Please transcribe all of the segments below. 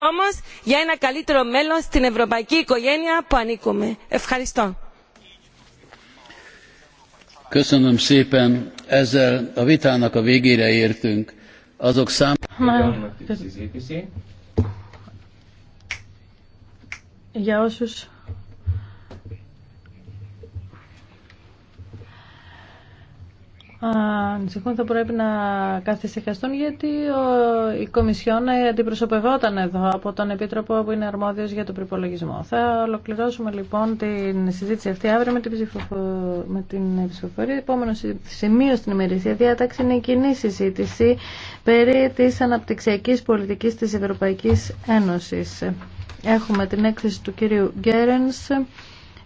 όμως για ένα καλύτερο μέλλον στην ευρωπαϊκή οικογένεια που ανήκουμε. Ευχαριστώ. Για όσους ανησυχούν θα πρέπει να καθησυχαστούν γιατί η Κομισιόν αντιπροσωπευόταν εδώ από τον Επίτροπο που είναι αρμόδιος για τον προπολογισμό. Θα ολοκληρώσουμε λοιπόν την συζήτηση αυτή αύριο με την, ψηφοφο... με την ψηφοφορία. Επόμενο σημείο στην ημερησία διάταξη είναι η κοινή συζήτηση περί της αναπτυξιακής πολιτικής της Ευρωπαϊκής Ένωσης. Έχουμε την έκθεση του κύριου Γκέρενς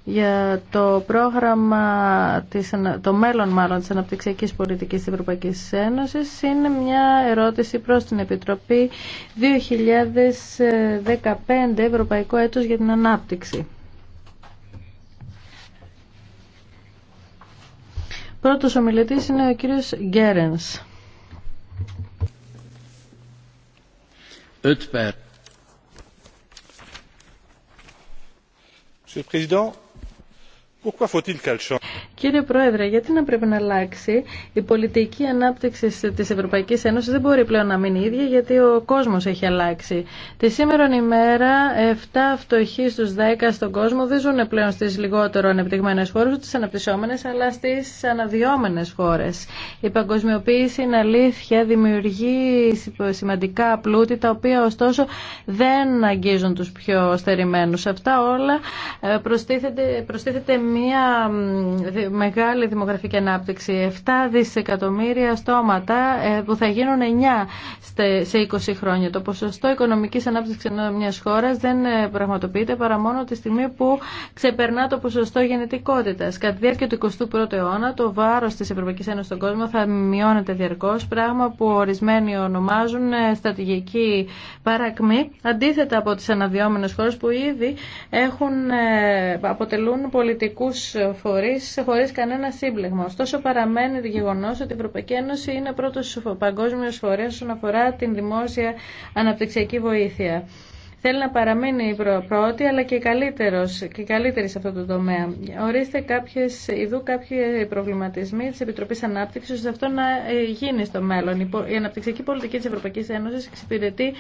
για το πρόγραμμα, της, το μέλλον μάλλον της αναπτυξιακής πολιτικής της Ευρωπαϊκής Ένωσης είναι μια ερώτηση προς την Επιτροπή 2015 Ευρωπαϊκό Έτος για την Ανάπτυξη. Πρώτος ομιλητής είναι ο κύριος Γκέρενς. Monsieur le Président, pourquoi faut il qu'elle change? Κύριε Πρόεδρε, γιατί να πρέπει να αλλάξει η πολιτική ανάπτυξη της Ευρωπαϊκής Ένωσης δεν μπορεί πλέον να μείνει ίδια γιατί ο κόσμος έχει αλλάξει. Τη σήμερα ημέρα 7 φτωχοί στους 10 στον κόσμο δεν ζουν πλέον στις λιγότερο ανεπτυγμένες χώρες, στις αναπτυσσόμενες αλλά στις αναδυόμενες χώρες. Η παγκοσμιοποίηση είναι αλήθεια, δημιουργεί σημαντικά πλούτη τα οποία ωστόσο δεν αγγίζουν τους πιο στερημένους. Αυτά όλα ε, προστίθεται, προστίθεται μια μεγάλη δημογραφική ανάπτυξη. 7 δισεκατομμύρια στόματα ε, που θα γίνουν 9 σε 20 χρόνια. Το ποσοστό οικονομική ανάπτυξη μια χώρα δεν ε, πραγματοποιείται παρά μόνο τη στιγμή που ξεπερνά το ποσοστό γεννητικότητα. Κατά τη διάρκεια του 21ου αιώνα το βάρο τη Ευρωπαϊκή Ένωση στον κόσμο θα μειώνεται διαρκώ, πράγμα που ορισμένοι ονομάζουν ε, στρατηγική παρακμή, αντίθετα από τι αναδυόμενε χώρε που ήδη έχουν, αποτελούν πολιτικού φορεί χωρί κανένα σύμπλεγμα. Ωστόσο, παραμένει το γεγονό ότι η Ευρωπαϊκή Ένωση είναι πρώτο παγκόσμιο φορέα όσον αφορά την δημόσια αναπτυξιακή βοήθεια. Θέλει να παραμείνει πρώτη, αλλά και, καλύτερος, και καλύτερη σε αυτό το τομέα. Ορίστε κάποιες, ειδού κάποιοι προβληματισμοί τη Επιτροπή ανάπτυξη ώστε αυτό να ε, γίνει στο μέλλον. Η αναπτυξιακή πολιτική τη Ευρωπαϊκή Ένωση εξυπηρετεί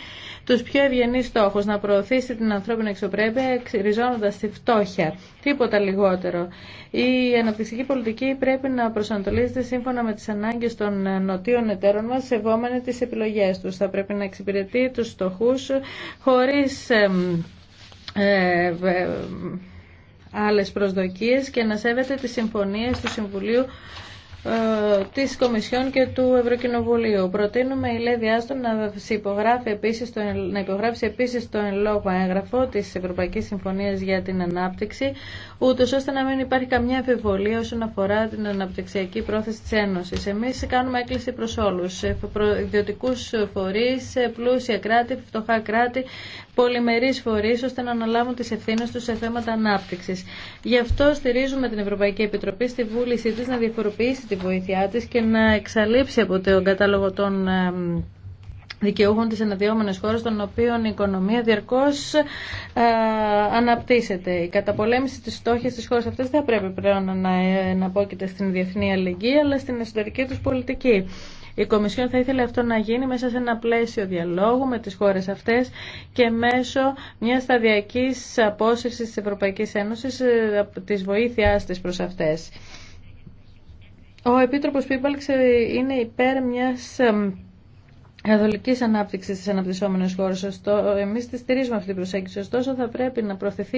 του πιο ευγενεί στόχου να προωθήσει την ανθρώπινη εξωπρέπεια, ριζώνοντα τη φτώχεια. Τίποτα λιγότερο. Η αναπτυξιακή πολιτική πρέπει να προσανατολίζεται σύμφωνα με τις ανάγκες των νοτίων εταίρων μας, σεβόμενοι τι επιλογέ τους. Θα πρέπει να εξυπηρετεί τους στοχούς χωρίς ε, ε, άλλες προσδοκίες και να σέβεται τις συμφωνίες του Συμβουλίου ε, της Κομισιόν και του Ευρωκοινοβουλίου. Προτείνουμε η Λέδη Άστον να, υπογράφει επίσης το, να υπογράψει επίσης το εν λόγω έγγραφο της Ευρωπαϊκής Συμφωνίας για την Ανάπτυξη, ούτως ώστε να μην υπάρχει καμιά αμφιβολία όσον αφορά την αναπτυξιακή πρόθεση της Ένωσης. Εμείς κάνουμε έκκληση προς όλους, ιδιωτικούς φορείς, πλούσια κράτη, φτωχά κράτη, πολυμερείς φορείς, ώστε να αναλάβουν τις ευθύνες του σε θέματα ανάπτυξη. Γι' αυτό στηρίζουμε την Ευρωπαϊκή Επιτροπή στη βούλησή της να διαφοροποιήσει τη βοήθειά της και να εξαλείψει από τον κατάλογο των δικαιούχων τη αναδυόμενης χώρας των οποίων η οικονομία διαρκώ ε, αναπτύσσεται. Η καταπολέμηση τη στόχη τη χώρα αυτές δεν πρέπει πλέον να, ε, να απόκειται στην διεθνή αλληλεγγύη αλλά στην εσωτερική τους πολιτική. Η Κομισιόν θα ήθελε αυτό να γίνει μέσα σε ένα πλαίσιο διαλόγου με τις χώρες αυτές και μέσω μια σταδιακής απόσυρσης της Ευρωπαϊκής Ένωσης ε, της βοήθειάς της προς αυτές. Ο Επίτροπος Πίμπαλξ είναι υπέρ μιας καθολικής ανάπτυξης στις αναπτυσσόμενες χώρες. Ωστό, εμείς τη στηρίζουμε αυτή την προσέγγιση. Ωστόσο, θα πρέπει να προωθηθεί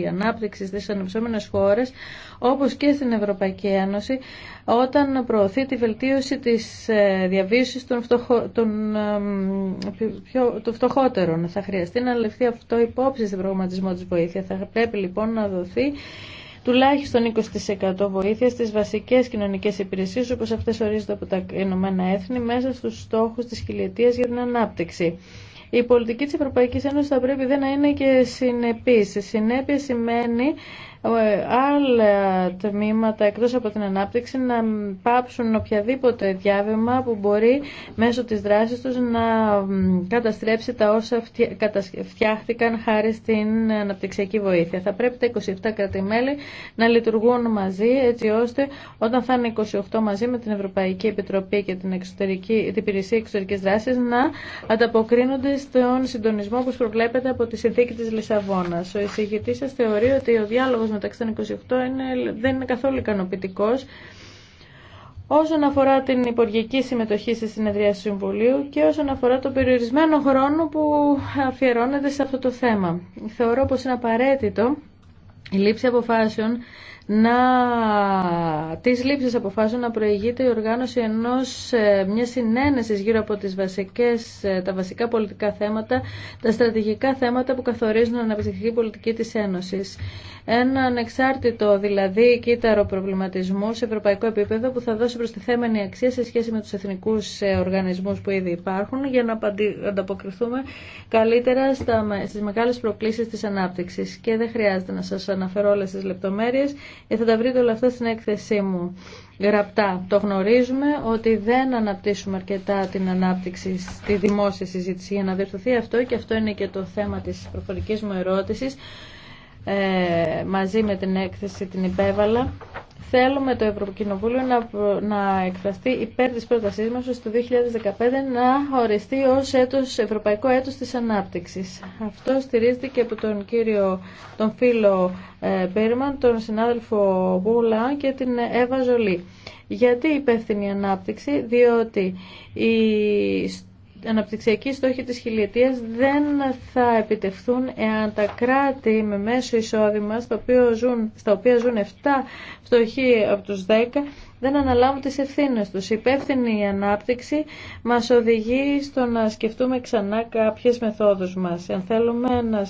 η ανάπτυξη στις αναπτυσσόμενες χώρες, όπως και στην Ευρωπαϊκή Ένωση, όταν προωθεί τη βελτίωση της ε, διαβίωσης των, φτωχο... των... Πιο... των φτωχότερων. Θα χρειαστεί να λεφθεί αυτό υπόψη στην προγραμματισμό της βοήθειας. Θα πρέπει λοιπόν να δοθεί τουλάχιστον 20% βοήθεια στις βασικές κοινωνικές υπηρεσίες όπως αυτές ορίζονται από τα Ηνωμένα Έθνη μέσα στους στόχους της χιλιετίας για την ανάπτυξη. Η πολιτική της Ευρωπαϊκής Ένωσης θα πρέπει δεν να είναι και συνεπής. Συνέπεια σημαίνει ε, άλλα τμήματα εκτός από την ανάπτυξη να πάψουν οποιαδήποτε διάβημα που μπορεί μέσω της δράσης τους να καταστρέψει τα όσα φτιάχτηκαν χάρη στην αναπτυξιακή βοήθεια. Θα πρέπει τα 27 κρατημέλη να λειτουργούν μαζί έτσι ώστε όταν θα είναι 28 μαζί με την Ευρωπαϊκή Επιτροπή και την, εξωτερική, την Υπηρεσία Εξωτερικής Δράσης να ανταποκρίνονται στον συντονισμό που προβλέπεται από τη συνθήκη της Λισαβόνας. Ο εισηγητής σας θεωρεί ότι ο διάλογος μεταξύ των 28 είναι, δεν είναι καθόλου ικανοποιητικό. Όσον αφορά την υπουργική συμμετοχή στη συνεδρία του Συμβουλίου και όσον αφορά το περιορισμένο χρόνο που αφιερώνεται σε αυτό το θέμα. Θεωρώ πως είναι απαραίτητο η λήψη αποφάσεων να τις λήψεις αποφάσεων να προηγείται η οργάνωση ενός ε, μιας συνένεσης γύρω από τις βασικές, ε, τα βασικά πολιτικά θέματα, τα στρατηγικά θέματα που καθορίζουν την αναπτυξιακή πολιτική της Ένωσης. Ένα ανεξάρτητο δηλαδή κύτταρο προβληματισμού σε ευρωπαϊκό επίπεδο που θα δώσει προστιθέμενη αξία σε σχέση με τους εθνικούς ε, οργανισμούς που ήδη υπάρχουν για να ανταποκριθούμε καλύτερα στα, στις μεγάλες προκλήσεις της ανάπτυξης. Και δεν χρειάζεται να σας αναφέρω όλες τις λεπτομέρειες. Ε, θα τα βρείτε όλα αυτά στην έκθεσή μου. Γραπτά. Το γνωρίζουμε ότι δεν αναπτύσσουμε αρκετά την ανάπτυξη στη δημόσια συζήτηση για να διορθωθεί αυτό και αυτό είναι και το θέμα της προφορικής μου ερώτησης. Ε, μαζί με την έκθεση την υπέβαλα Θέλουμε το Ευρωκοινοβούλιο να, να εκφραστεί υπέρ της πρότασής μας ώστε το 2015 να οριστεί ως έτος, Ευρωπαϊκό έτος της ανάπτυξης. Αυτό στηρίζεται και από τον κύριο, τον φίλο ε, Μπέρμαν, τον συνάδελφο Μπούλα και την Εύα Ζολή. Γιατί υπεύθυνη ανάπτυξη, διότι η αναπτυξιακοί στόχοι της χιλιετίας δεν θα επιτευχθούν εάν τα κράτη με μέσο εισόδημα ζουν, στα οποία ζουν 7 φτωχοί από τους 10 δεν αναλάβουν τις ευθύνες τους. Η υπεύθυνη ανάπτυξη μας οδηγεί στο να σκεφτούμε ξανά κάποιες μεθόδους μας. Αν θέλουμε να,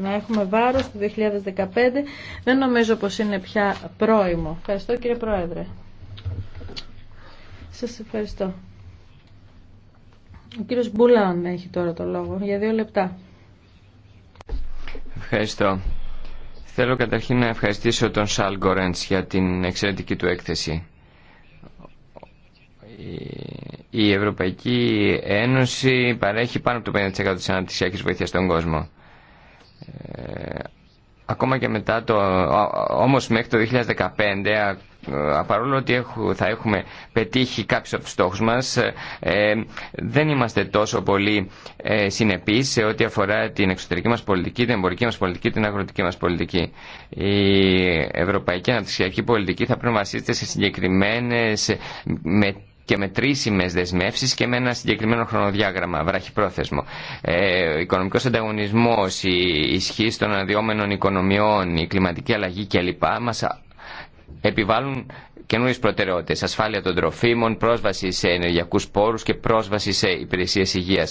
να έχουμε βάρος το 2015 δεν νομίζω πως είναι πια πρόημο. Ευχαριστώ κύριε Πρόεδρε. Σας ευχαριστώ. Ο κύριος Μπουλάν έχει τώρα το λόγο για δύο λεπτά. Ευχαριστώ. Θέλω καταρχήν να ευχαριστήσω τον Σαλ Γκορέντς για την εξαιρετική του έκθεση. Η Ευρωπαϊκή Ένωση παρέχει πάνω από το 50% της αναπτυξιακής βοήθειας στον κόσμο. Ε, ακόμα και μετά το... Όμως μέχρι το 2015 ε, παρόλο ότι θα έχουμε πετύχει κάποιους από τους στόχους μας, ε, ε, δεν είμαστε τόσο πολύ συνεπείς σε ό,τι αφορά την εξωτερική μας πολιτική, την εμπορική μας πολιτική, την αγροτική μας πολιτική. Η ευρωπαϊκή αναπτυξιακή πολιτική θα πρέπει να βασίζεται σε συγκεκριμένες με και μετρήσιμες δεσμεύσεις και με ένα συγκεκριμένο χρονοδιάγραμμα, βραχυπρόθεσμο. Ε, ο οικονομικός ανταγωνισμός, η ισχύ των αναδυόμενων οικονομιών, η κλιματική αλλαγή κλπ. μας επιβάλλουν καινούριε προτεραιότητε. Ασφάλεια των τροφίμων, πρόσβαση σε ενεργειακού πόρου και πρόσβαση σε υπηρεσίε υγεία.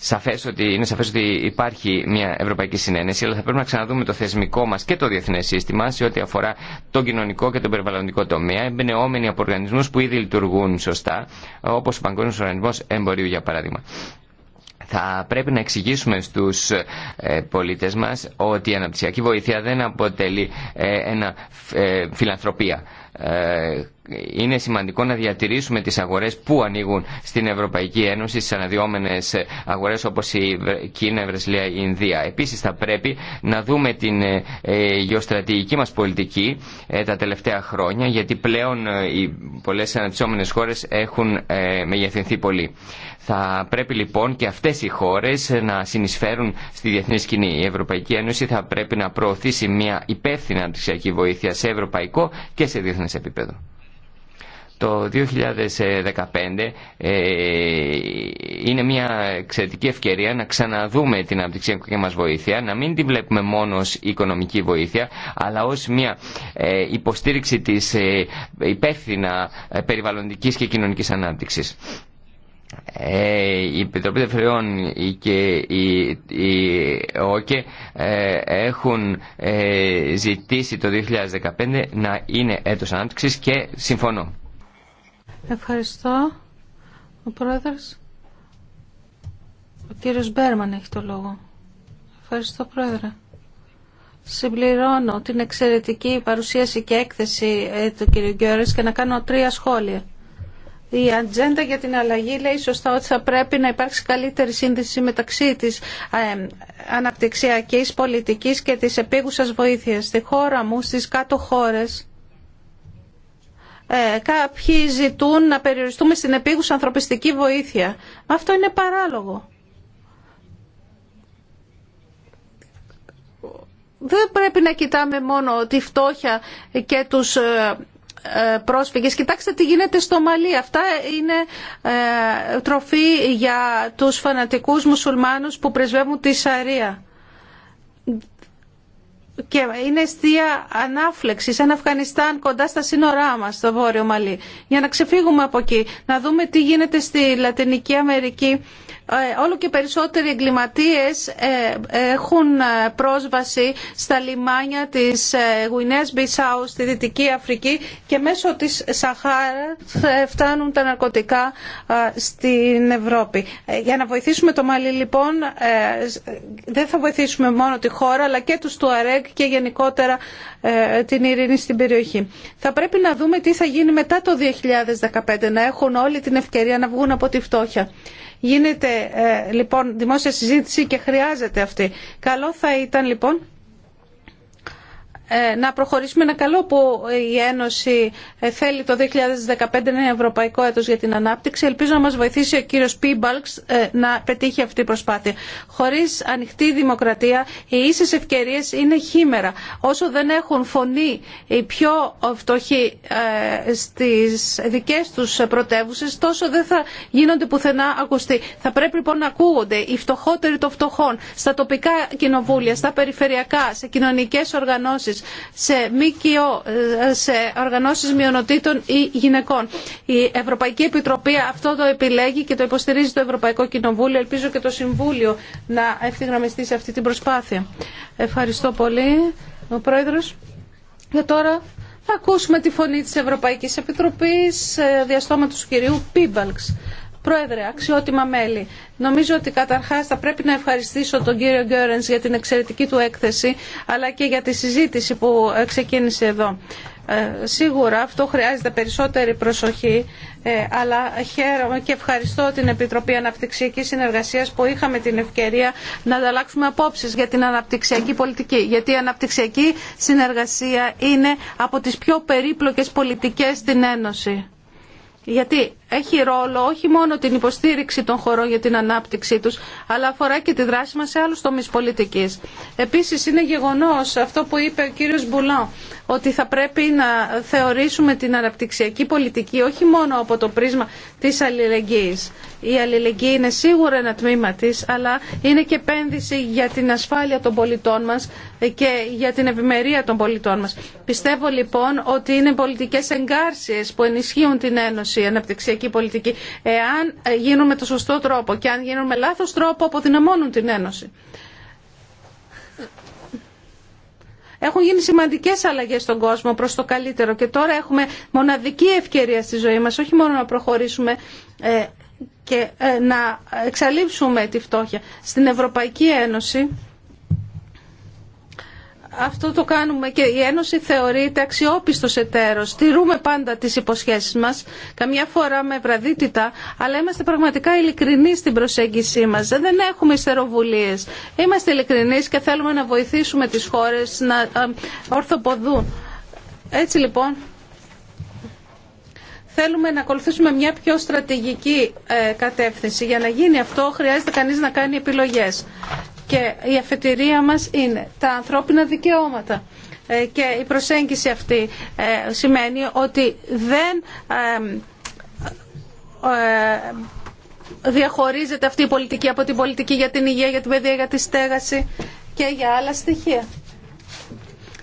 Σαφές ότι, είναι σαφές ότι υπάρχει μια ευρωπαϊκή συνένεση, αλλά θα πρέπει να ξαναδούμε το θεσμικό μας και το διεθνές σύστημα σε ό,τι αφορά τον κοινωνικό και τον περιβαλλοντικό τομέα, εμπνεόμενοι από οργανισμούς που ήδη λειτουργούν σωστά, όπως ο Παγκόσμιος Οργανισμός Εμπορίου για παράδειγμα. Θα πρέπει να εξηγήσουμε στους ε, πολίτες μας ότι η αναπτυξιακή βοήθεια δεν αποτελεί ε, ένα ε, φιλανθρωπία είναι σημαντικό να διατηρήσουμε τις αγορές που ανοίγουν στην Ευρωπαϊκή Ένωση, στις αναδυόμενες αγορές όπως η Κίνα, η Βρεσλία, η Ινδία. Επίσης θα πρέπει να δούμε την ε, ε, γεωστρατηγική μας πολιτική ε, τα τελευταία χρόνια, γιατί πλέον οι πολλές αναπτυσσόμενες χώρες έχουν μεγεθυνθεί πολύ. Θα πρέπει λοιπόν και αυτές οι χώρες να συνεισφέρουν στη διεθνή σκηνή. Η Ευρωπαϊκή Ένωση θα πρέπει να προωθήσει μια υπεύθυνη αντιξιακή βοήθεια σε ευρωπαϊκό και σε διεθνές επίπεδο. Το 2015 ε, είναι μια εξαιρετική ευκαιρία να ξαναδούμε την και μας βοήθεια, να μην τη βλέπουμε μόνο ως οικονομική βοήθεια, αλλά ως μια ε, υποστήριξη της ε, υπεύθυνα περιβαλλοντικής και κοινωνικής ανάπτυξης. Η Επιτροπή Δευτεριών και οι η ΟΚΕ έχουν ζητήσει το 2015 να είναι έτος ανάπτυξης και συμφωνώ. Ευχαριστώ. Ο πρόεδρος. Ο κύριος Μπέρμαν έχει το λόγο. Ευχαριστώ πρόεδρε. Συμπληρώνω την εξαιρετική παρουσίαση και έκθεση ε, του κύριου Γκιόρες και να κάνω τρία σχόλια. Η ατζέντα για την αλλαγή λέει σωστά ότι θα πρέπει να υπάρξει καλύτερη σύνδεση μεταξύ της ε, αναπτυξιακής πολιτικής και της επίγουσας βοήθειας. Στη χώρα μου, στις κάτω χώρες, ε, κάποιοι ζητούν να περιοριστούμε στην επίγουσα ανθρωπιστική βοήθεια. Αυτό είναι παράλογο. Δεν πρέπει να κοιτάμε μόνο τη φτώχεια και τους ε, ε, πρόσφυγες. Κοιτάξτε τι γίνεται στο Μαλί. Αυτά είναι τροφή για τους φανατικούς μουσουλμάνους που πρεσβεύουν τη Σαρία και είναι αιστεία ανάφλεξη, ένα Αφγανιστάν κοντά στα σύνορά μας, στο Βόρειο Μαλί. Για να ξεφύγουμε από εκεί, να δούμε τι γίνεται στη Λατινική Αμερική ε, όλο και περισσότεροι εγκληματίες ε, έχουν ε, πρόσβαση στα λιμάνια της Γουινέας Μπισάου στη Δυτική Αφρική και μέσω της Σαχάρα φτάνουν τα ναρκωτικά στην Ευρώπη. Για να βοηθήσουμε το Μαλί λοιπόν δεν θα βοηθήσουμε μόνο τη χώρα αλλά και τους του ΑΡΕΚ και γενικότερα την ειρήνη στην περιοχή. Θα πρέπει να δούμε τι θα γίνει μετά το 2015 να έχουν όλη την ευκαιρία να βγουν από τη φτώχεια. Γίνεται ε, λοιπόν δημόσια συζήτηση και χρειάζεται αυτή. Καλό θα ήταν λοιπόν ε, να προχωρήσουμε. ένα καλό που η Ένωση ε, θέλει το 2015 είναι ευρωπαϊκό έτος για την ανάπτυξη. Ελπίζω να μας βοηθήσει ο κύριος Πίμπαλξ ε, να πετύχει αυτή η προσπάθεια. Χωρίς ανοιχτή δημοκρατία οι ίσες ευκαιρίες είναι χήμερα. Όσο δεν έχουν φωνή οι πιο φτωχοί στις δικές τους πρωτεύουσες τόσο δεν θα γίνονται πουθενά ακουστοί. Θα πρέπει λοιπόν να ακούγονται οι φτωχότεροι των φτωχών στα τοπικά κοινοβούλια, στα περιφερειακά, σε κοινωνικές οργανώσεις σε ΜΚΟ, σε οργανώσεις μειονοτήτων ή γυναικών. Η Ευρωπαϊκή Επιτροπή αυτό το επιλέγει και το υποστηρίζει το Ευρωπαϊκό Κοινοβούλιο. Ελπίζω και το Συμβούλιο να ευθυγραμμιστεί σε αυτή την προσπάθεια. Ευχαριστώ πολύ, ο Πρόεδρος. Και τώρα θα ακούσουμε τη φωνή της Ευρωπαϊκής Επιτροπής ε, διαστόματος του κυρίου Πίμπαλξ. Πρόεδρε, αξιότιμα μέλη, νομίζω ότι καταρχά θα πρέπει να ευχαριστήσω τον κύριο Γκέρεν για την εξαιρετική του έκθεση, αλλά και για τη συζήτηση που ξεκίνησε εδώ. Ε, σίγουρα αυτό χρειάζεται περισσότερη προσοχή, ε, αλλά χαίρομαι και ευχαριστώ την Επιτροπή Αναπτυξιακή συνεργασία που είχαμε την ευκαιρία να ανταλλάξουμε απόψει για την αναπτυξιακή πολιτική. Γιατί η αναπτυξιακή συνεργασία είναι από τι πιο περίπλοκες πολιτικέ στην Ένωση γιατί έχει ρόλο όχι μόνο την υποστήριξη των χωρών για την ανάπτυξή τους, αλλά αφορά και τη δράση μας σε άλλους τομείς πολιτικής. Επίσης είναι γεγονός αυτό που είπε ο κύριος Μπουλάν, ότι θα πρέπει να θεωρήσουμε την αναπτυξιακή πολιτική όχι μόνο από το πρίσμα της αλληλεγγύης. Η αλληλεγγύη είναι σίγουρα ένα τμήμα της, αλλά είναι και επένδυση για την ασφάλεια των πολιτών μας και για την ευημερία των πολιτών μας. Πιστεύω λοιπόν ότι είναι πολιτικές εγκάρσεις που ενισχύουν την Ένωση, η αναπτυξιακή πολιτική, εάν γίνουν με το σωστό τρόπο και αν γίνουν με λάθος τρόπο αποδυναμώνουν την Ένωση. Έχουν γίνει σημαντικές αλλαγές στον κόσμο προς το καλύτερο και τώρα έχουμε μοναδική ευκαιρία στη ζωή μας, όχι μόνο να προχωρήσουμε ε, και ε, να εξαλείψουμε τη φτώχεια. Στην Ευρωπαϊκή Ένωση αυτό το κάνουμε και η Ένωση θεωρείται αξιόπιστος εταίρος. Τηρούμε πάντα τις υποσχέσεις μας, καμιά φορά με βραδύτητα, αλλά είμαστε πραγματικά ειλικρινεί στην προσέγγισή μας. Δεν έχουμε ιστεροβουλίες. Είμαστε ειλικρινεί και θέλουμε να βοηθήσουμε τις χώρες να ορθοποδούν. Έτσι λοιπόν, θέλουμε να ακολουθήσουμε μια πιο στρατηγική ε, κατεύθυνση. Για να γίνει αυτό χρειάζεται κανείς να κάνει επιλογές. Και η αφετηρία μας είναι τα ανθρώπινα δικαιώματα. Ε, και η προσέγγιση αυτή ε, σημαίνει ότι δεν ε, διαχωρίζεται αυτή η πολιτική από την πολιτική για την υγεία, για την παιδεία, για τη στέγαση και για άλλα στοιχεία.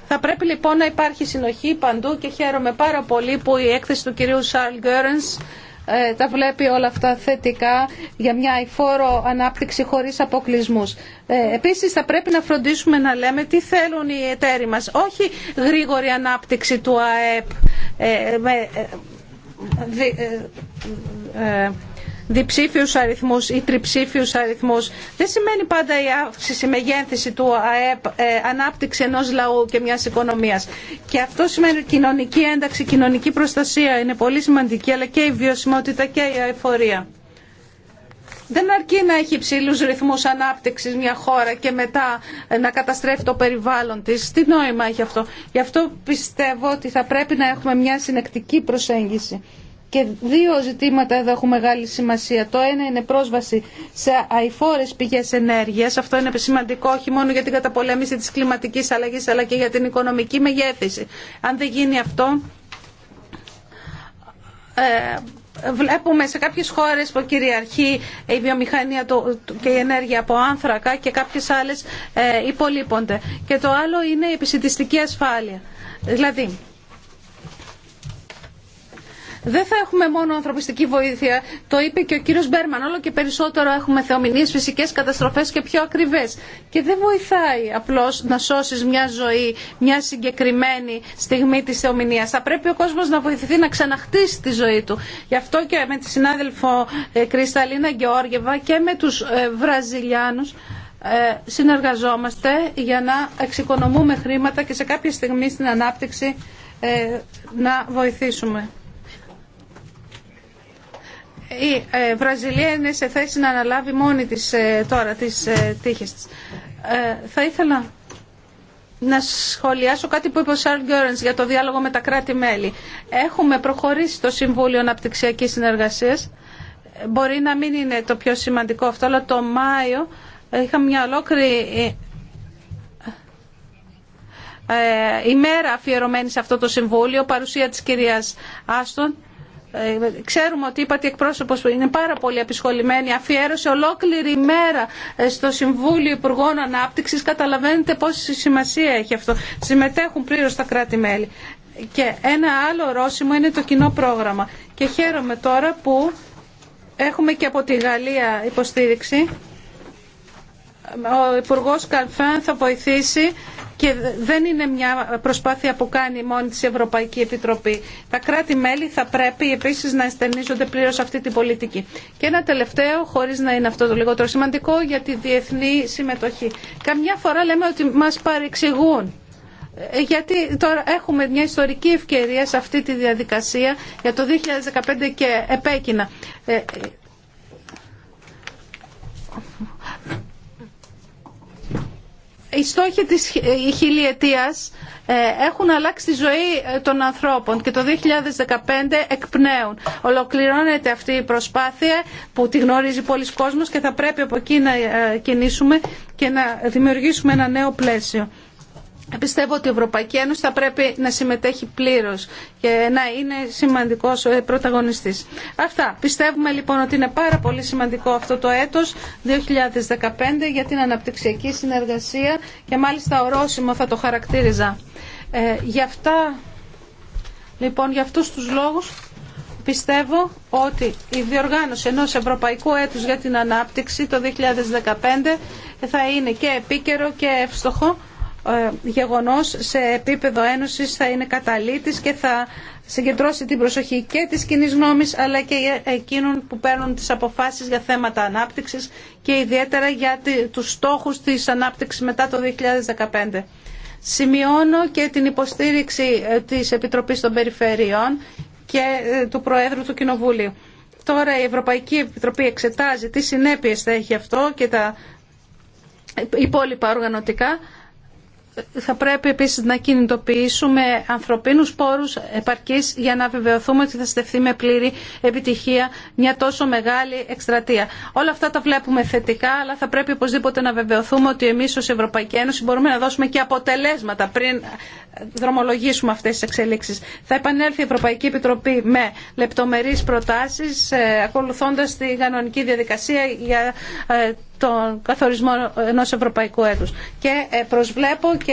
Θα πρέπει λοιπόν να υπάρχει συνοχή παντού και χαίρομαι πάρα πολύ που η έκθεση του κυρίου Σαρλ Γκέρενς ε, τα βλέπει όλα αυτά θετικά για μια υφόρο ανάπτυξη χωρίς αποκλεισμούς. Ε, επίσης θα πρέπει να φροντίσουμε να λέμε τι θέλουν οι εταίροι μας. Όχι γρήγορη ανάπτυξη του ΑΕΠ ε, με διψήφιους αριθμούς ή τριψήφιους αριθμούς. Δεν σημαίνει πάντα η αύξηση, η μεγένθηση του ΑΕΠ, ε, ανάπτυξη ενός λαού και μιας οικονομίας. Και αυτό σημαίνει κοινωνική ένταξη, κοινωνική προστασία είναι πολύ σημαντική, αλλά και η βιωσιμότητα και η αεφορία. Δεν αρκεί να έχει υψηλού ρυθμούς ανάπτυξης μια χώρα και μετά ε, να καταστρέφει το περιβάλλον της. Τι νόημα έχει αυτό. Γι' αυτό πιστεύω ότι θα πρέπει να έχουμε μια συνεκτική προσέγγιση. Και δύο ζητήματα εδώ έχουν μεγάλη σημασία. Το ένα είναι πρόσβαση σε αηφόρες πηγές ενέργειας. Αυτό είναι σημαντικό όχι μόνο για την καταπολέμηση της κλιματικής αλλαγής αλλά και για την οικονομική μεγέθυνση. Αν δεν γίνει αυτό, ε, βλέπουμε σε κάποιες χώρες που κυριαρχεί η βιομηχανία και η ενέργεια από άνθρακα και κάποιες άλλες ε, υπολείπονται. Και το άλλο είναι η επισητιστική ασφάλεια. Δηλαδή, δεν θα έχουμε μόνο ανθρωπιστική βοήθεια. Το είπε και ο κύριο Μπέρμαν. Όλο και περισσότερο έχουμε θεομηνίε φυσικέ καταστροφέ και πιο ακριβέ. Και δεν βοηθάει απλώ να σώσει μια ζωή, μια συγκεκριμένη στιγμή τη θεομηνία. Θα πρέπει ο κόσμο να βοηθηθεί να ξαναχτίσει τη ζωή του. Γι' αυτό και με τη συνάδελφο ε, Κρυσταλίνα Γεώργεβα και με τους ε, Βραζιλιάνους ε, συνεργαζόμαστε για να εξοικονομούμε χρήματα και σε κάποια στιγμή στην ανάπτυξη να βοηθήσουμε η ε, Βραζιλία είναι σε θέση να αναλάβει μόνη της ε, τώρα τις ε, τύχες της. Θα ήθελα να σχολιάσω κάτι που είπε ο Σαρλ για το διάλογο με τα κράτη-μέλη. Έχουμε προχωρήσει το Συμβούλιο Αναπτυξιακής Συνεργασίας. Μπορεί να μην είναι το πιο σημαντικό αυτό, αλλά το Μάιο είχαμε μια ολόκληρη ημέρα αφιερωμένη σε αυτό το Συμβούλιο, παρουσία της κυρίας Άστον ε, ξέρουμε ότι είπατε εκπρόσωπος που είναι πάρα πολύ απεισχολημένη, αφιέρωσε ολόκληρη ημέρα ε, στο Συμβούλιο Υπουργών Ανάπτυξης. Καταλαβαίνετε πόση σημασία έχει αυτό. Συμμετέχουν πλήρως τα κράτη-μέλη. Και ένα άλλο ορόσημο είναι το κοινό πρόγραμμα. Και χαίρομαι τώρα που έχουμε και από τη Γαλλία υποστήριξη. Ο Υπουργός Καλφάν θα βοηθήσει και δεν είναι μια προσπάθεια που κάνει μόνη της Ευρωπαϊκή Επιτροπή. Τα κράτη-μέλη θα πρέπει επίσης να εστερνίζονται πλήρως αυτή την πολιτική. Και ένα τελευταίο, χωρίς να είναι αυτό το λιγότερο σημαντικό, για τη διεθνή συμμετοχή. Καμιά φορά λέμε ότι μας παρεξηγούν ε, γιατί τώρα έχουμε μια ιστορική ευκαιρία σε αυτή τη διαδικασία για το 2015 και επέκεινα. Ε, ε, οι στόχοι της χιλιετίας ε, έχουν αλλάξει τη ζωή ε, των ανθρώπων και το 2015 εκπνέουν. Ολοκληρώνεται αυτή η προσπάθεια που τη γνωρίζει πολλοί κόσμος και θα πρέπει από εκεί να ε, κινήσουμε και να δημιουργήσουμε ένα νέο πλαίσιο. Πιστεύω ότι η Ευρωπαϊκή Ένωση θα πρέπει να συμμετέχει πλήρως και να είναι σημαντικός ε, πρωταγωνιστής. Αυτά. Πιστεύουμε λοιπόν ότι είναι πάρα πολύ σημαντικό αυτό το έτος 2015 για την αναπτυξιακή συνεργασία και μάλιστα ορόσημο θα το χαρακτήριζα. Ε, γι' αυτά, λοιπόν, για αυτούς τους λόγους πιστεύω ότι η διοργάνωση ενός Ευρωπαϊκού έτους για την ανάπτυξη το 2015 θα είναι και επίκαιρο και εύστοχο ε, γεγονός σε επίπεδο ένωσης θα είναι καταλήτης και θα συγκεντρώσει την προσοχή και της κοινή γνώμης αλλά και εκείνων που παίρνουν τις αποφάσεις για θέματα ανάπτυξης και ιδιαίτερα για τους στόχους της ανάπτυξης μετά το 2015. Σημειώνω και την υποστήριξη ε, της Επιτροπής των Περιφερειών και ε, του Προέδρου του Κοινοβουλίου. Τώρα η Ευρωπαϊκή Επιτροπή εξετάζει τι συνέπειες θα έχει αυτό και τα υπόλοιπα οργανωτικά θα πρέπει επίσης να κινητοποιήσουμε ανθρωπίνους πόρους επαρκής για να βεβαιωθούμε ότι θα στεφθεί με πλήρη επιτυχία μια τόσο μεγάλη εκστρατεία. Όλα αυτά τα βλέπουμε θετικά, αλλά θα πρέπει οπωσδήποτε να βεβαιωθούμε ότι εμείς ως Ευρωπαϊκή Ένωση μπορούμε να δώσουμε και αποτελέσματα πριν δρομολογήσουμε αυτές τις εξελίξεις. Θα επανέλθει η Ευρωπαϊκή Επιτροπή με λεπτομερείς προτάσεις, ε, ακολουθώντας τη κανονική διαδικασία για ε, τον καθορισμό ενός ευρωπαϊκού έτους. Και ε, προσβλέπω και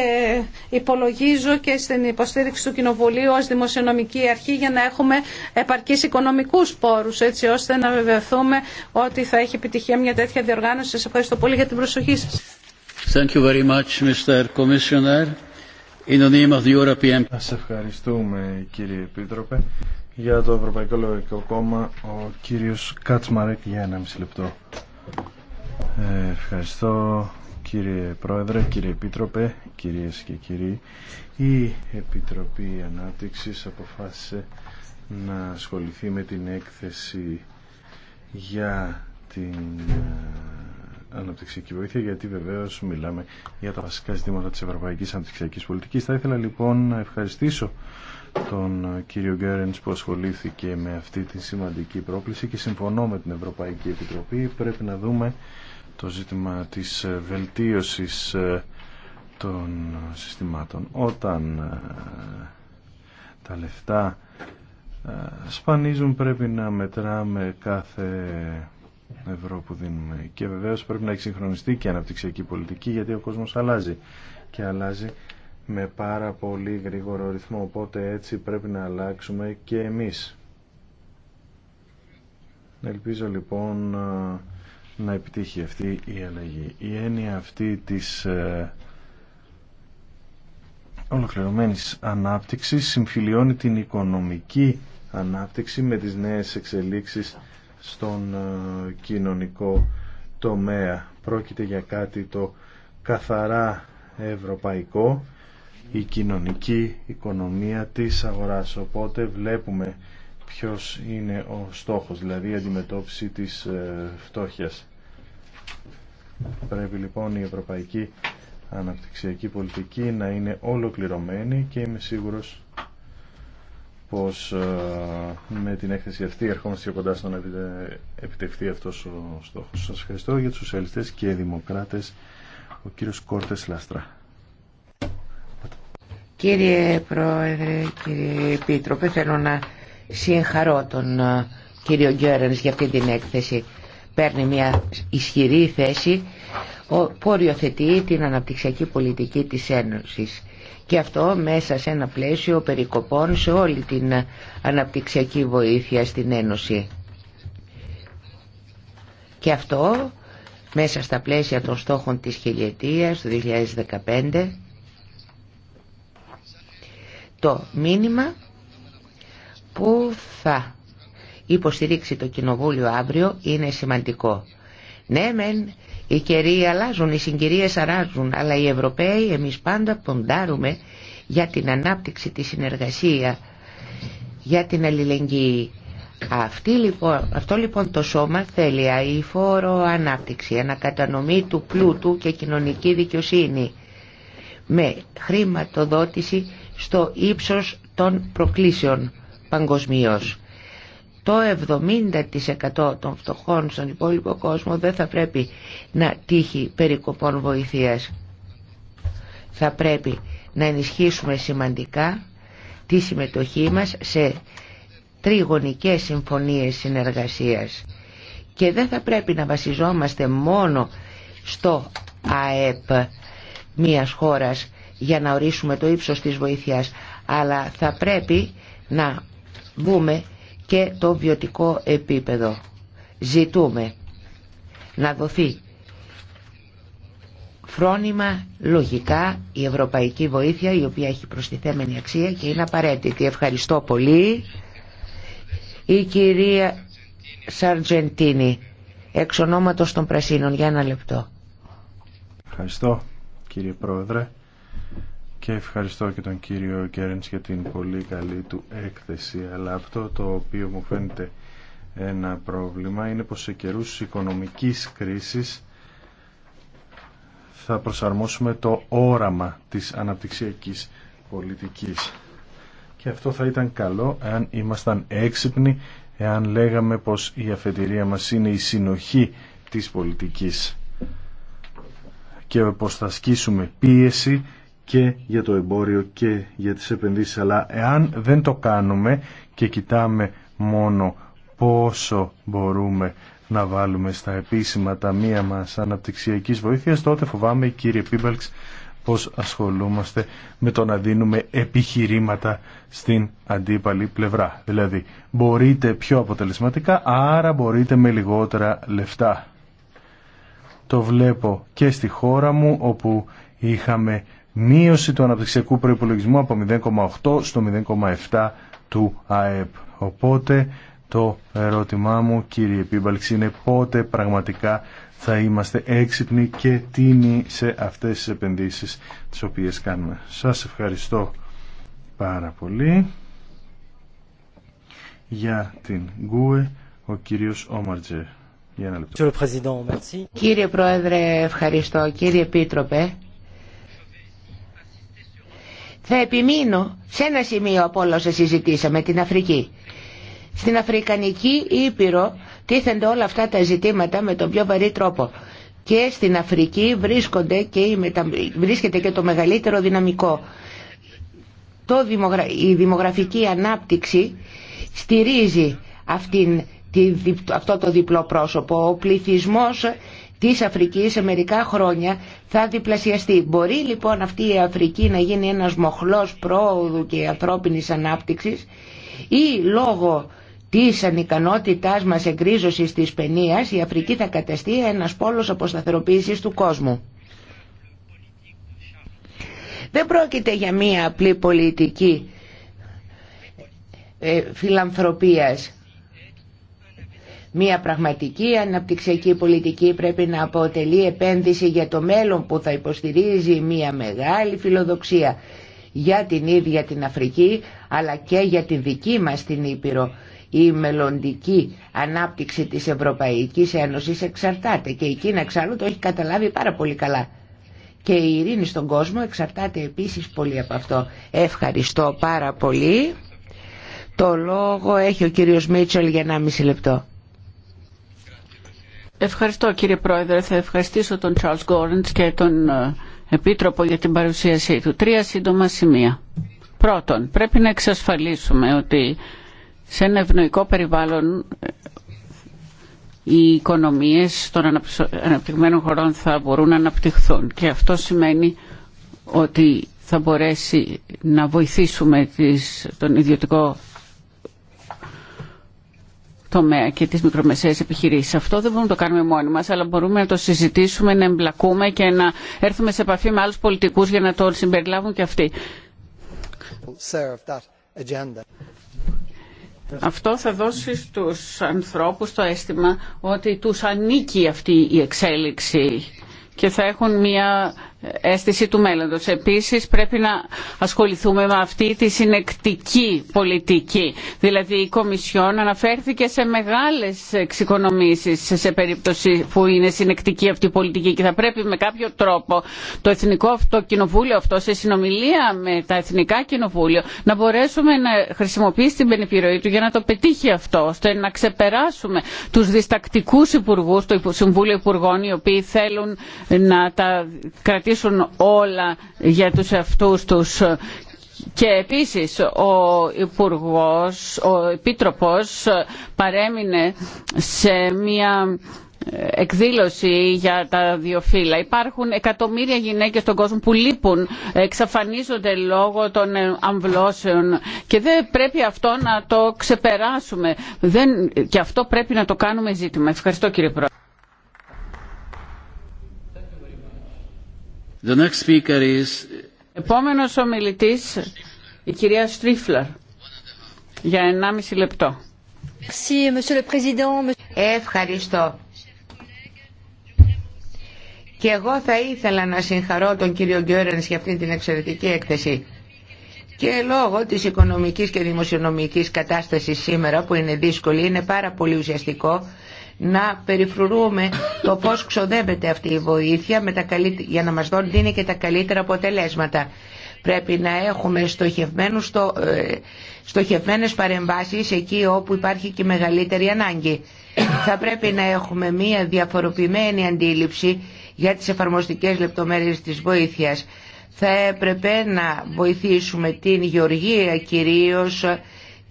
υπολογίζω και στην υποστήριξη του Κοινοβουλίου ως δημοσιονομική αρχή για να έχουμε επαρκείς οικονομικούς πόρους, έτσι ώστε να βεβαιωθούμε ότι θα έχει επιτυχία μια τέτοια διοργάνωση. Σας ευχαριστώ πολύ για την προσοχή σας. Thank you very much, Mr. Commissioner. In the name of the European... Σας ευχαριστούμε κύριε Επίτροπε. Για το Ευρωπαϊκό Λογικό Κόμμα ο κύριος Κάτσμαρέκ για ένα μισή λεπτό. Ε, ευχαριστώ κύριε Πρόεδρε, κύριε Επίτροπε, κυρίες και κύριοι. Η Επιτροπή Ανάπτυξης αποφάσισε να ασχοληθεί με την έκθεση για την ε, αναπτυξιακή βοήθεια, γιατί βεβαίως μιλάμε για τα βασικά ζητήματα της ευρωπαϊκής αναπτυξιακής πολιτικής. Θα ήθελα λοιπόν να ευχαριστήσω τον ε, κύριο Γκέρεντς που ασχολήθηκε με αυτή τη σημαντική πρόκληση και συμφωνώ με την Ευρωπαϊκή Επιτροπή. Πρέπει να δούμε το ζήτημα της ε, βελτίωσης ε, των συστημάτων. Όταν ε, τα λεφτά σπανίζουν πρέπει να μετράμε κάθε ευρώ που δίνουμε. Και βεβαίως πρέπει να εξυγχρονιστεί και η αναπτυξιακή πολιτική γιατί ο κόσμος αλλάζει και αλλάζει με πάρα πολύ γρήγορο ρυθμό. Οπότε έτσι πρέπει να αλλάξουμε και εμείς. Ελπίζω λοιπόν να επιτύχει αυτή η αλλαγή. Η έννοια αυτή της ε, ολοκληρωμένης ανάπτυξης συμφιλιώνει την οικονομική ανάπτυξη με τις νέες εξελίξεις στον ε, κοινωνικό τομέα. Πρόκειται για κάτι το καθαρά ευρωπαϊκό, η κοινωνική οικονομία της αγοράς. Οπότε βλέπουμε ποιος είναι ο στόχος, δηλαδή η αντιμετώπιση της ε, φτώχειας. Πρέπει λοιπόν η ευρωπαϊκή αναπτυξιακή πολιτική να είναι ολοκληρωμένη και είμαι σίγουρος πως ε, με την έκθεση αυτή ερχόμαστε και κοντά στο να επιτευχθεί αυτός ο στόχος. Σας ευχαριστώ για τους σοσιαλιστές και δημοκράτες, ο κύριος Κόρτες Λάστρα. Κύριε Πρόεδρε, κύριε Επίτροπε, θέλω να συγχαρώ τον ε, κύριο Γκέρενς για αυτή την έκθεση. Παίρνει μια ισχυρή θέση που οριοθετεί την αναπτυξιακή πολιτική της Ένωσης. Και αυτό μέσα σε ένα πλαίσιο περικοπών σε όλη την αναπτυξιακή βοήθεια στην Ένωση. Και αυτό μέσα στα πλαίσια των στόχων της χιλιετίας του 2015 το μήνυμα που θα υποστηρίξει το Κοινοβούλιο αύριο είναι σημαντικό. Ναι μεν, οι καιροί αλλάζουν, οι συγκυρίες αράζουν, αλλά οι Ευρωπαίοι εμείς πάντα ποντάρουμε για την ανάπτυξη, τη συνεργασία, για την αλληλεγγύη. Λοιπόν, αυτό λοιπόν το σώμα θέλει αηφόρο ανάπτυξη, ανακατανομή του πλούτου και κοινωνική δικαιοσύνη με χρηματοδότηση στο ύψος των προκλήσεων. Το 70% των φτωχών στον υπόλοιπο κόσμο δεν θα πρέπει να τύχει περικοπών βοηθείας. Θα πρέπει να ενισχύσουμε σημαντικά τη συμμετοχή μας σε τριγωνικές συμφωνίες συνεργασίας και δεν θα πρέπει να βασιζόμαστε μόνο στο ΑΕΠ μιας χώρας για να ορίσουμε το ύψος της βοήθειας αλλά θα πρέπει να Μπούμε και το βιωτικό επίπεδο. Ζητούμε να δοθεί φρόνημα λογικά η ευρωπαϊκή βοήθεια η οποία έχει προστιθέμενη αξία και είναι απαραίτητη. Ευχαριστώ πολύ. Η κυρία Σαρτζεντίνη, εξ ονόματος των Πρασίνων, για ένα λεπτό. Ευχαριστώ κύριε Πρόεδρε και ευχαριστώ και τον κύριο Κέρνς για την πολύ καλή του έκθεση. Αλλά αυτό το οποίο μου φαίνεται ένα πρόβλημα είναι πως σε καιρούς οικονομικής κρίσης θα προσαρμόσουμε το όραμα της αναπτυξιακής πολιτικής. Και αυτό θα ήταν καλό εάν ήμασταν έξυπνοι, εάν λέγαμε πως η αφετηρία μας είναι η συνοχή της πολιτικής και πως θα ασκήσουμε πίεση και για το εμπόριο και για τις επενδύσεις. Αλλά εάν δεν το κάνουμε και κοιτάμε μόνο πόσο μπορούμε να βάλουμε στα επίσημα ταμεία μας αναπτυξιακής βοήθειας, τότε φοβάμαι κύριε Πίμπαλξ πώς ασχολούμαστε με το να δίνουμε επιχειρήματα στην αντίπαλη πλευρά. Δηλαδή, μπορείτε πιο αποτελεσματικά, άρα μπορείτε με λιγότερα λεφτά. Το βλέπω και στη χώρα μου, όπου είχαμε μείωση του αναπτυξιακού προϋπολογισμού από 0,8 στο 0,7 του ΑΕΠ. Οπότε το ερώτημά μου κύριε επίβαλξη, είναι πότε πραγματικά θα είμαστε έξυπνοι και τίμοι σε αυτές τις επενδύσεις τις οποίες κάνουμε. Σας ευχαριστώ πάρα πολύ για την Γκουε ο κύριος Όμαρτζε. Για ένα λεπτό. Κύριε Πρόεδρε, ευχαριστώ. Κύριε Επίτροπε, θα επιμείνω σε ένα σημείο από όλα όσα συζητήσαμε, την Αφρική. Στην Αφρικανική Ήπειρο τίθενται όλα αυτά τα ζητήματα με τον πιο βαρύ τρόπο. Και στην Αφρική βρίσκονται και μετα... βρίσκεται και το μεγαλύτερο δυναμικό. Το Η δημογραφική ανάπτυξη στηρίζει αυτήν, αυτό το διπλό πρόσωπο. Ο πληθυσμός της Αφρική σε μερικά χρόνια θα διπλασιαστεί. Μπορεί λοιπόν αυτή η Αφρική να γίνει ένας μοχλός πρόοδου και ανθρώπινης ανάπτυξης ή λόγω της ανικανότητάς μας εγκρίζωσης της παινίας η Αφρική θα καταστεί ένας πόλος αποσταθεροποίησης του κόσμου. Δεν πρόκειται για μία απλή πολιτική ε, φιλανθρωπίας μια πραγματική αναπτυξιακή πολιτική πρέπει να αποτελεί επένδυση για το μέλλον που θα υποστηρίζει μια μεγάλη φιλοδοξία για την ίδια την Αφρική αλλά και για την δική μας την Ήπειρο. Η μελλοντική ανάπτυξη της Ευρωπαϊκής Ένωσης εξαρτάται και η Κίνα εξάλλου το έχει καταλάβει πάρα πολύ καλά. Και η ειρήνη στον κόσμο εξαρτάται επίσης πολύ από αυτό. Ευχαριστώ πάρα πολύ. Το λόγο έχει ο κύριος Μίτσελ για μισή λεπτό. Ευχαριστώ κύριε Πρόεδρε. Θα ευχαριστήσω τον Charles Γκόρεντς και τον ε, Επίτροπο για την παρουσίασή του. Τρία σύντομα σημεία. Πρώτον, πρέπει να εξασφαλίσουμε ότι σε ένα ευνοϊκό περιβάλλον ε, οι οικονομίες των αναπτυγμένων χωρών θα μπορούν να αναπτυχθούν και αυτό σημαίνει ότι θα μπορέσει να βοηθήσουμε τον ιδιωτικό τομέα και τις μικρομεσαίες επιχειρήσεις. Αυτό δεν μπορούμε να το κάνουμε μόνοι μας, αλλά μπορούμε να το συζητήσουμε, να εμπλακούμε και να έρθουμε σε επαφή με άλλους πολιτικούς για να το συμπεριλάβουν και αυτοί. Αυτό θα δώσει στους ανθρώπους το αίσθημα ότι τους ανήκει αυτή η εξέλιξη και θα έχουν μια αίσθηση του μέλλοντος. Επίσης πρέπει να ασχοληθούμε με αυτή τη συνεκτική πολιτική. Δηλαδή η Κομισιόν αναφέρθηκε σε μεγάλες εξοικονομήσεις σε περίπτωση που είναι συνεκτική αυτή η πολιτική και θα πρέπει με κάποιο τρόπο το Εθνικό αυτό Κοινοβούλιο αυτό σε συνομιλία με τα Εθνικά Κοινοβούλια να μπορέσουμε να χρησιμοποιήσει την πενεπιρροή του για να το πετύχει αυτό ώστε να ξεπεράσουμε τους διστακτικούς υπουργούς, το Συμβούλιο Υπουργών οι οποίοι θέλουν να τα κρατήσουν σταματήσουν όλα για τους αυτούς τους και επίσης ο Υπουργός, ο Επίτροπος παρέμεινε σε μια εκδήλωση για τα δύο φύλλα. Υπάρχουν εκατομμύρια γυναίκες στον κόσμο που λείπουν, εξαφανίζονται λόγω των αμβλώσεων και δεν πρέπει αυτό να το ξεπεράσουμε. Δεν... Και αυτό πρέπει να το κάνουμε ζήτημα. Ευχαριστώ κύριε Πρόεδρε. The next speaker uh, η κυρία Στρίφλαρ, για 1,5 λεπτό. Ευχαριστώ. Και εγώ θα ήθελα να συγχαρώ τον κύριο Γκέρενς για αυτήν την εξαιρετική έκθεση. Και λόγω της οικονομικής και δημοσιονομικής κατάστασης σήμερα που είναι δύσκολη είναι πάρα πολύ ουσιαστικό να περιφρουρούμε το πώς ξοδεύεται αυτή η βοήθεια για να μας δίνει και τα καλύτερα αποτελέσματα. Πρέπει να έχουμε στοχευμένους, στο, ε, στοχευμένες παρεμβάσεις εκεί όπου υπάρχει και μεγαλύτερη ανάγκη. Θα πρέπει να έχουμε μία διαφοροποιημένη αντίληψη για τις εφαρμοστικές λεπτομέρειες της βοήθειας. Θα έπρεπε να βοηθήσουμε την γεωργία κυρίως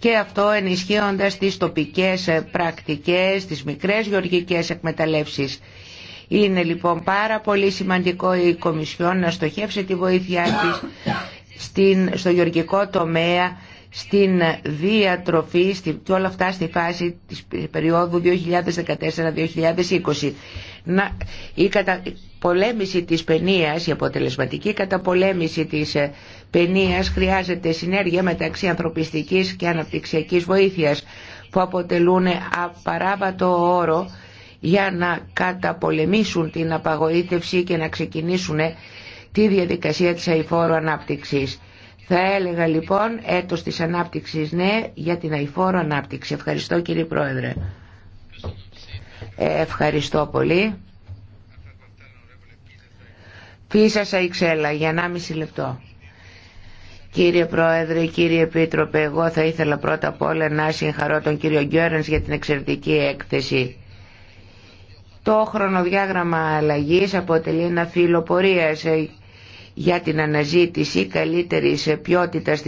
και αυτό ενισχύοντας τις τοπικές πρακτικές, τις μικρές γεωργικές εκμεταλλεύσεις. Είναι λοιπόν πάρα πολύ σημαντικό η Κομισιόν να στοχεύσει τη βοήθειά της στην, στο γεωργικό τομέα, στην διατροφή στη, και όλα αυτά στη φάση της περίοδου 2014-2020 να, η καταπολέμηση της πενίας, η αποτελεσματική καταπολέμηση της ε, παινίας χρειάζεται συνέργεια μεταξύ ανθρωπιστικής και αναπτυξιακής βοήθειας που αποτελούν απαράβατο όρο για να καταπολεμήσουν την απαγοήτευση και να ξεκινήσουν ε, τη διαδικασία της αηφόρου ανάπτυξης. Θα έλεγα λοιπόν έτος της ανάπτυξης ναι για την αηφόρου ανάπτυξη. Ευχαριστώ κύριε Πρόεδρε. Ευχαριστώ πολύ. Φύσασα Ξέλα για 1,5 λεπτό. Κύριε Πρόεδρε, κύριε Επίτροπε, εγώ θα ήθελα πρώτα απ' όλα να συγχαρώ τον κύριο Γκιόρενς για την εξαιρετική έκθεση. Το χρονοδιάγραμμα αλλαγής αποτελεί ένα φύλλο ε, για την αναζήτηση καλύτερης ποιότητας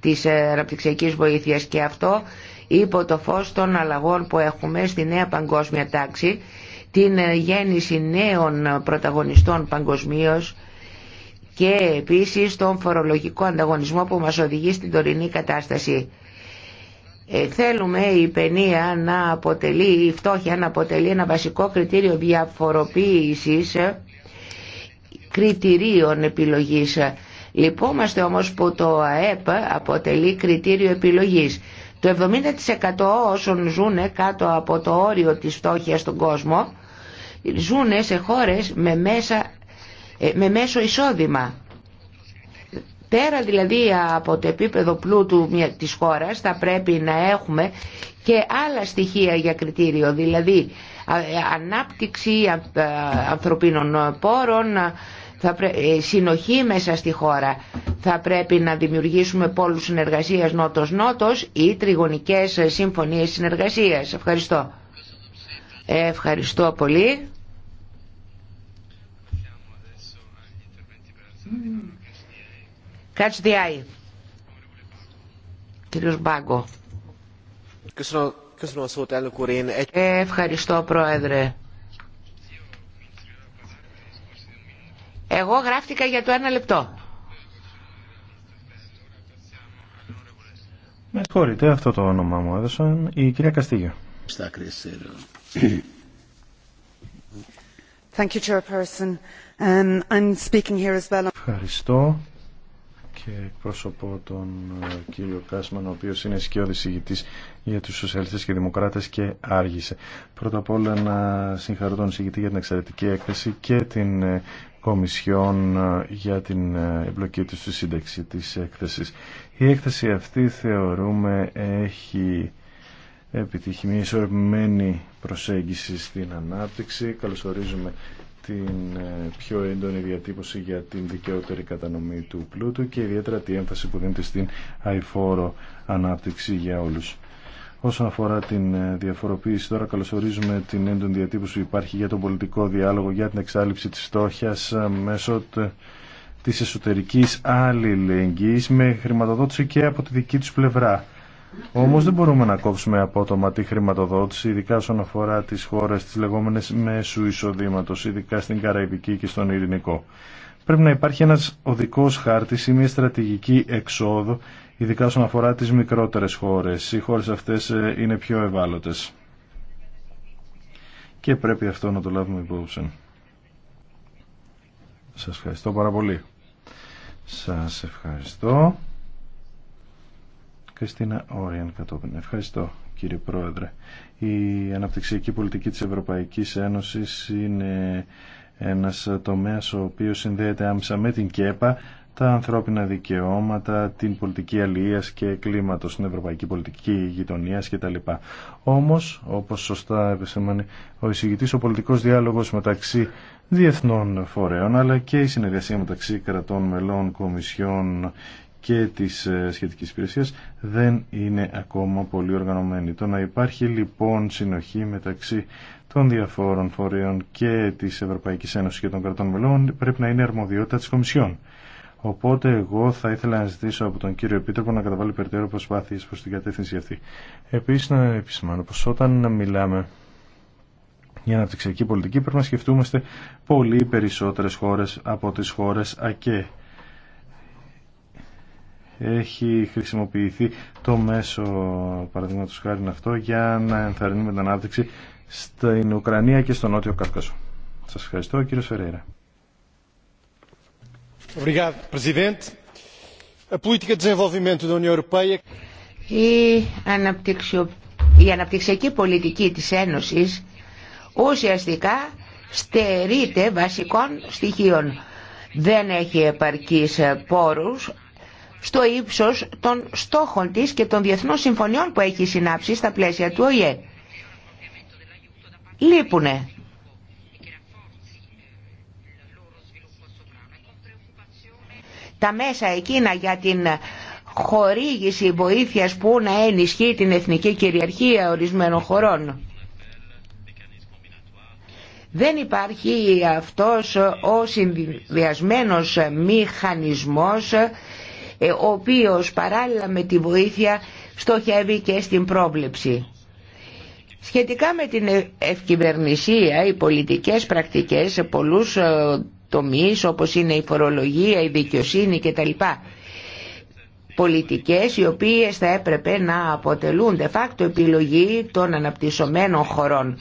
της ε, αναπτυξιακής βοήθειας και αυτό υπό το φως των αλλαγών που έχουμε στη νέα παγκόσμια τάξη, την ε, γέννηση νέων πρωταγωνιστών παγκοσμίω και επίσης τον φορολογικό ανταγωνισμό που μας οδηγεί στην τωρινή κατάσταση. Ε, θέλουμε η παινία να αποτελεί, η φτώχεια να αποτελεί ένα βασικό κριτήριο διαφοροποίησης ε, κριτηρίων επιλογής. Λυπόμαστε όμως που το ΑΕΠ αποτελεί κριτήριο επιλογής. Το 70% όσων ζουν κάτω από το όριο της φτώχειας στον κόσμο ζουν σε χώρες με, μέσα, ε, με μέσο εισόδημα. Πέρα δηλαδή από το επίπεδο πλούτου της χώρας θα πρέπει να έχουμε και άλλα στοιχεία για κριτήριο, δηλαδή ε, ανάπτυξη ε, ανθρωπίνων πόρων, θα ε, συνοχή μέσα στη χώρα. Θα πρέπει να δημιουργήσουμε πόλους συνεργασίας νότος-νότος ή τριγωνικές συμφωνίες συνεργασίας. Ευχαριστώ. Ε, ευχαριστώ πολύ. Κύριος Μπάγκο. Ε, ευχαριστώ Πρόεδρε. Εγώ γράφτηκα για το ένα λεπτό. Με συγχωρείτε, αυτό το όνομά μου έδωσαν η κυρία Καστίγιο. Thank you, Um, I'm speaking here as well. Ευχαριστώ και εκπροσωπώ τον ε, κύριο Κάσμαν, ο οποίος είναι σκιώδης ηγητής για τους σοσιαλιστές και δημοκράτες και άργησε. Πρώτα απ' όλα να συγχαρώ τον συγητή για την εξαιρετική έκθεση και την ε, Κομισιόν ε, για την ε, εμπλοκή του στη σύνταξη της έκθεσης. Η έκθεση αυτή θεωρούμε έχει επιτύχει μια ισορροπημένη προσέγγιση στην ανάπτυξη. Καλωσορίζουμε την ε, πιο έντονη διατύπωση για την δικαιότερη κατανομή του πλούτου και ιδιαίτερα τη έμφαση που δίνεται στην αϊφόρο ανάπτυξη για όλους. Όσον αφορά την ε, διαφοροποίηση, τώρα καλωσορίζουμε την έντονη διατύπωση που υπάρχει για τον πολιτικό διάλογο, για την εξάλληψη της στόχιας ε, μέσω της εσωτερικής αλληλεγγύης με χρηματοδότηση και από τη δική τους πλευρά. Όμως δεν μπορούμε να κόψουμε απότομα τη χρηματοδότηση, ειδικά όσον αφορά τις χώρες της λεγόμενες μέσου εισοδήματος, ειδικά στην Καραϊβική και στον Ειρηνικό. Πρέπει να υπάρχει ένας οδικός χάρτης ή μια στρατηγική εξόδου ειδικά όσον αφορά τις μικρότερες χώρες. Οι χώρες αυτές ε, είναι πιο ευάλωτες. Και πρέπει αυτό να το λάβουμε υπόψη. Σας ευχαριστώ πάρα πολύ. Σας ευχαριστώ. Κριστίνα Όριαν κατόπιν. Ευχαριστώ κύριε Πρόεδρε. Η αναπτυξιακή πολιτική της Ευρωπαϊκής Ένωσης είναι ένας τομέας ο οποίος συνδέεται άμεσα με την ΚΕΠΑ τα ανθρώπινα δικαιώματα, την πολιτική αλληλείας και κλίματος, στην ευρωπαϊκή πολιτική γειτονίας κτλ. Όμως, όπως σωστά επισήμανε ο εισηγητής, ο πολιτικός διάλογος μεταξύ διεθνών φορέων, αλλά και η συνεργασία μεταξύ κρατών μελών, κομισιών και της ε, σχετικής υπηρεσία δεν είναι ακόμα πολύ οργανωμένη. Το να υπάρχει λοιπόν συνοχή μεταξύ των διαφόρων φορέων και της Ευρωπαϊκής Ένωσης και των κρατών μελών πρέπει να είναι αρμοδιότητα της Κομισιόν. Οπότε εγώ θα ήθελα να ζητήσω από τον κύριο Επίτροπο να καταβάλει περαιτέρω προσπάθειες προς την κατεύθυνση αυτή. Επίσης να επισημάνω πως όταν μιλάμε για αναπτυξιακή πολιτική πρέπει να σκεφτούμαστε πολύ περισσότερες χώρες από τις χώρες ΑΚΕ. Έχει χρησιμοποιηθεί το μέσο, παραδείγματο χάρη αυτό, για να ενθαρρύνουμε την ανάπτυξη στην Ουκρανία και στον Νότιο Κάυκασο. Σας ευχαριστώ, κύριο Φερέιρα. Η αναπτυξιακή πολιτική της Ένωσης ουσιαστικά στερείται βασικών στοιχείων. Δεν έχει επαρκείς πόρους στο ύψος των στόχων της και των διεθνών συμφωνιών που έχει συνάψει στα πλαίσια του ΟΗΕ. Λείπουνε τα μέσα εκείνα για την χορήγηση βοήθειας που να ενισχύει την εθνική κυριαρχία ορισμένων χωρών. Δεν υπάρχει αυτός ο συνδυασμένος μηχανισμός ε, ο οποίος παράλληλα με τη βοήθεια στοχεύει και στην πρόβλεψη. Σχετικά με την ευκυβερνησία, οι πολιτικές πρακτικές σε πολλούς ε, τομείς όπως είναι η φορολογία, η δικαιοσύνη κτλ. Πολιτικές οι οποίες θα έπρεπε να αποτελούν de facto επιλογή των αναπτυσσομένων χωρών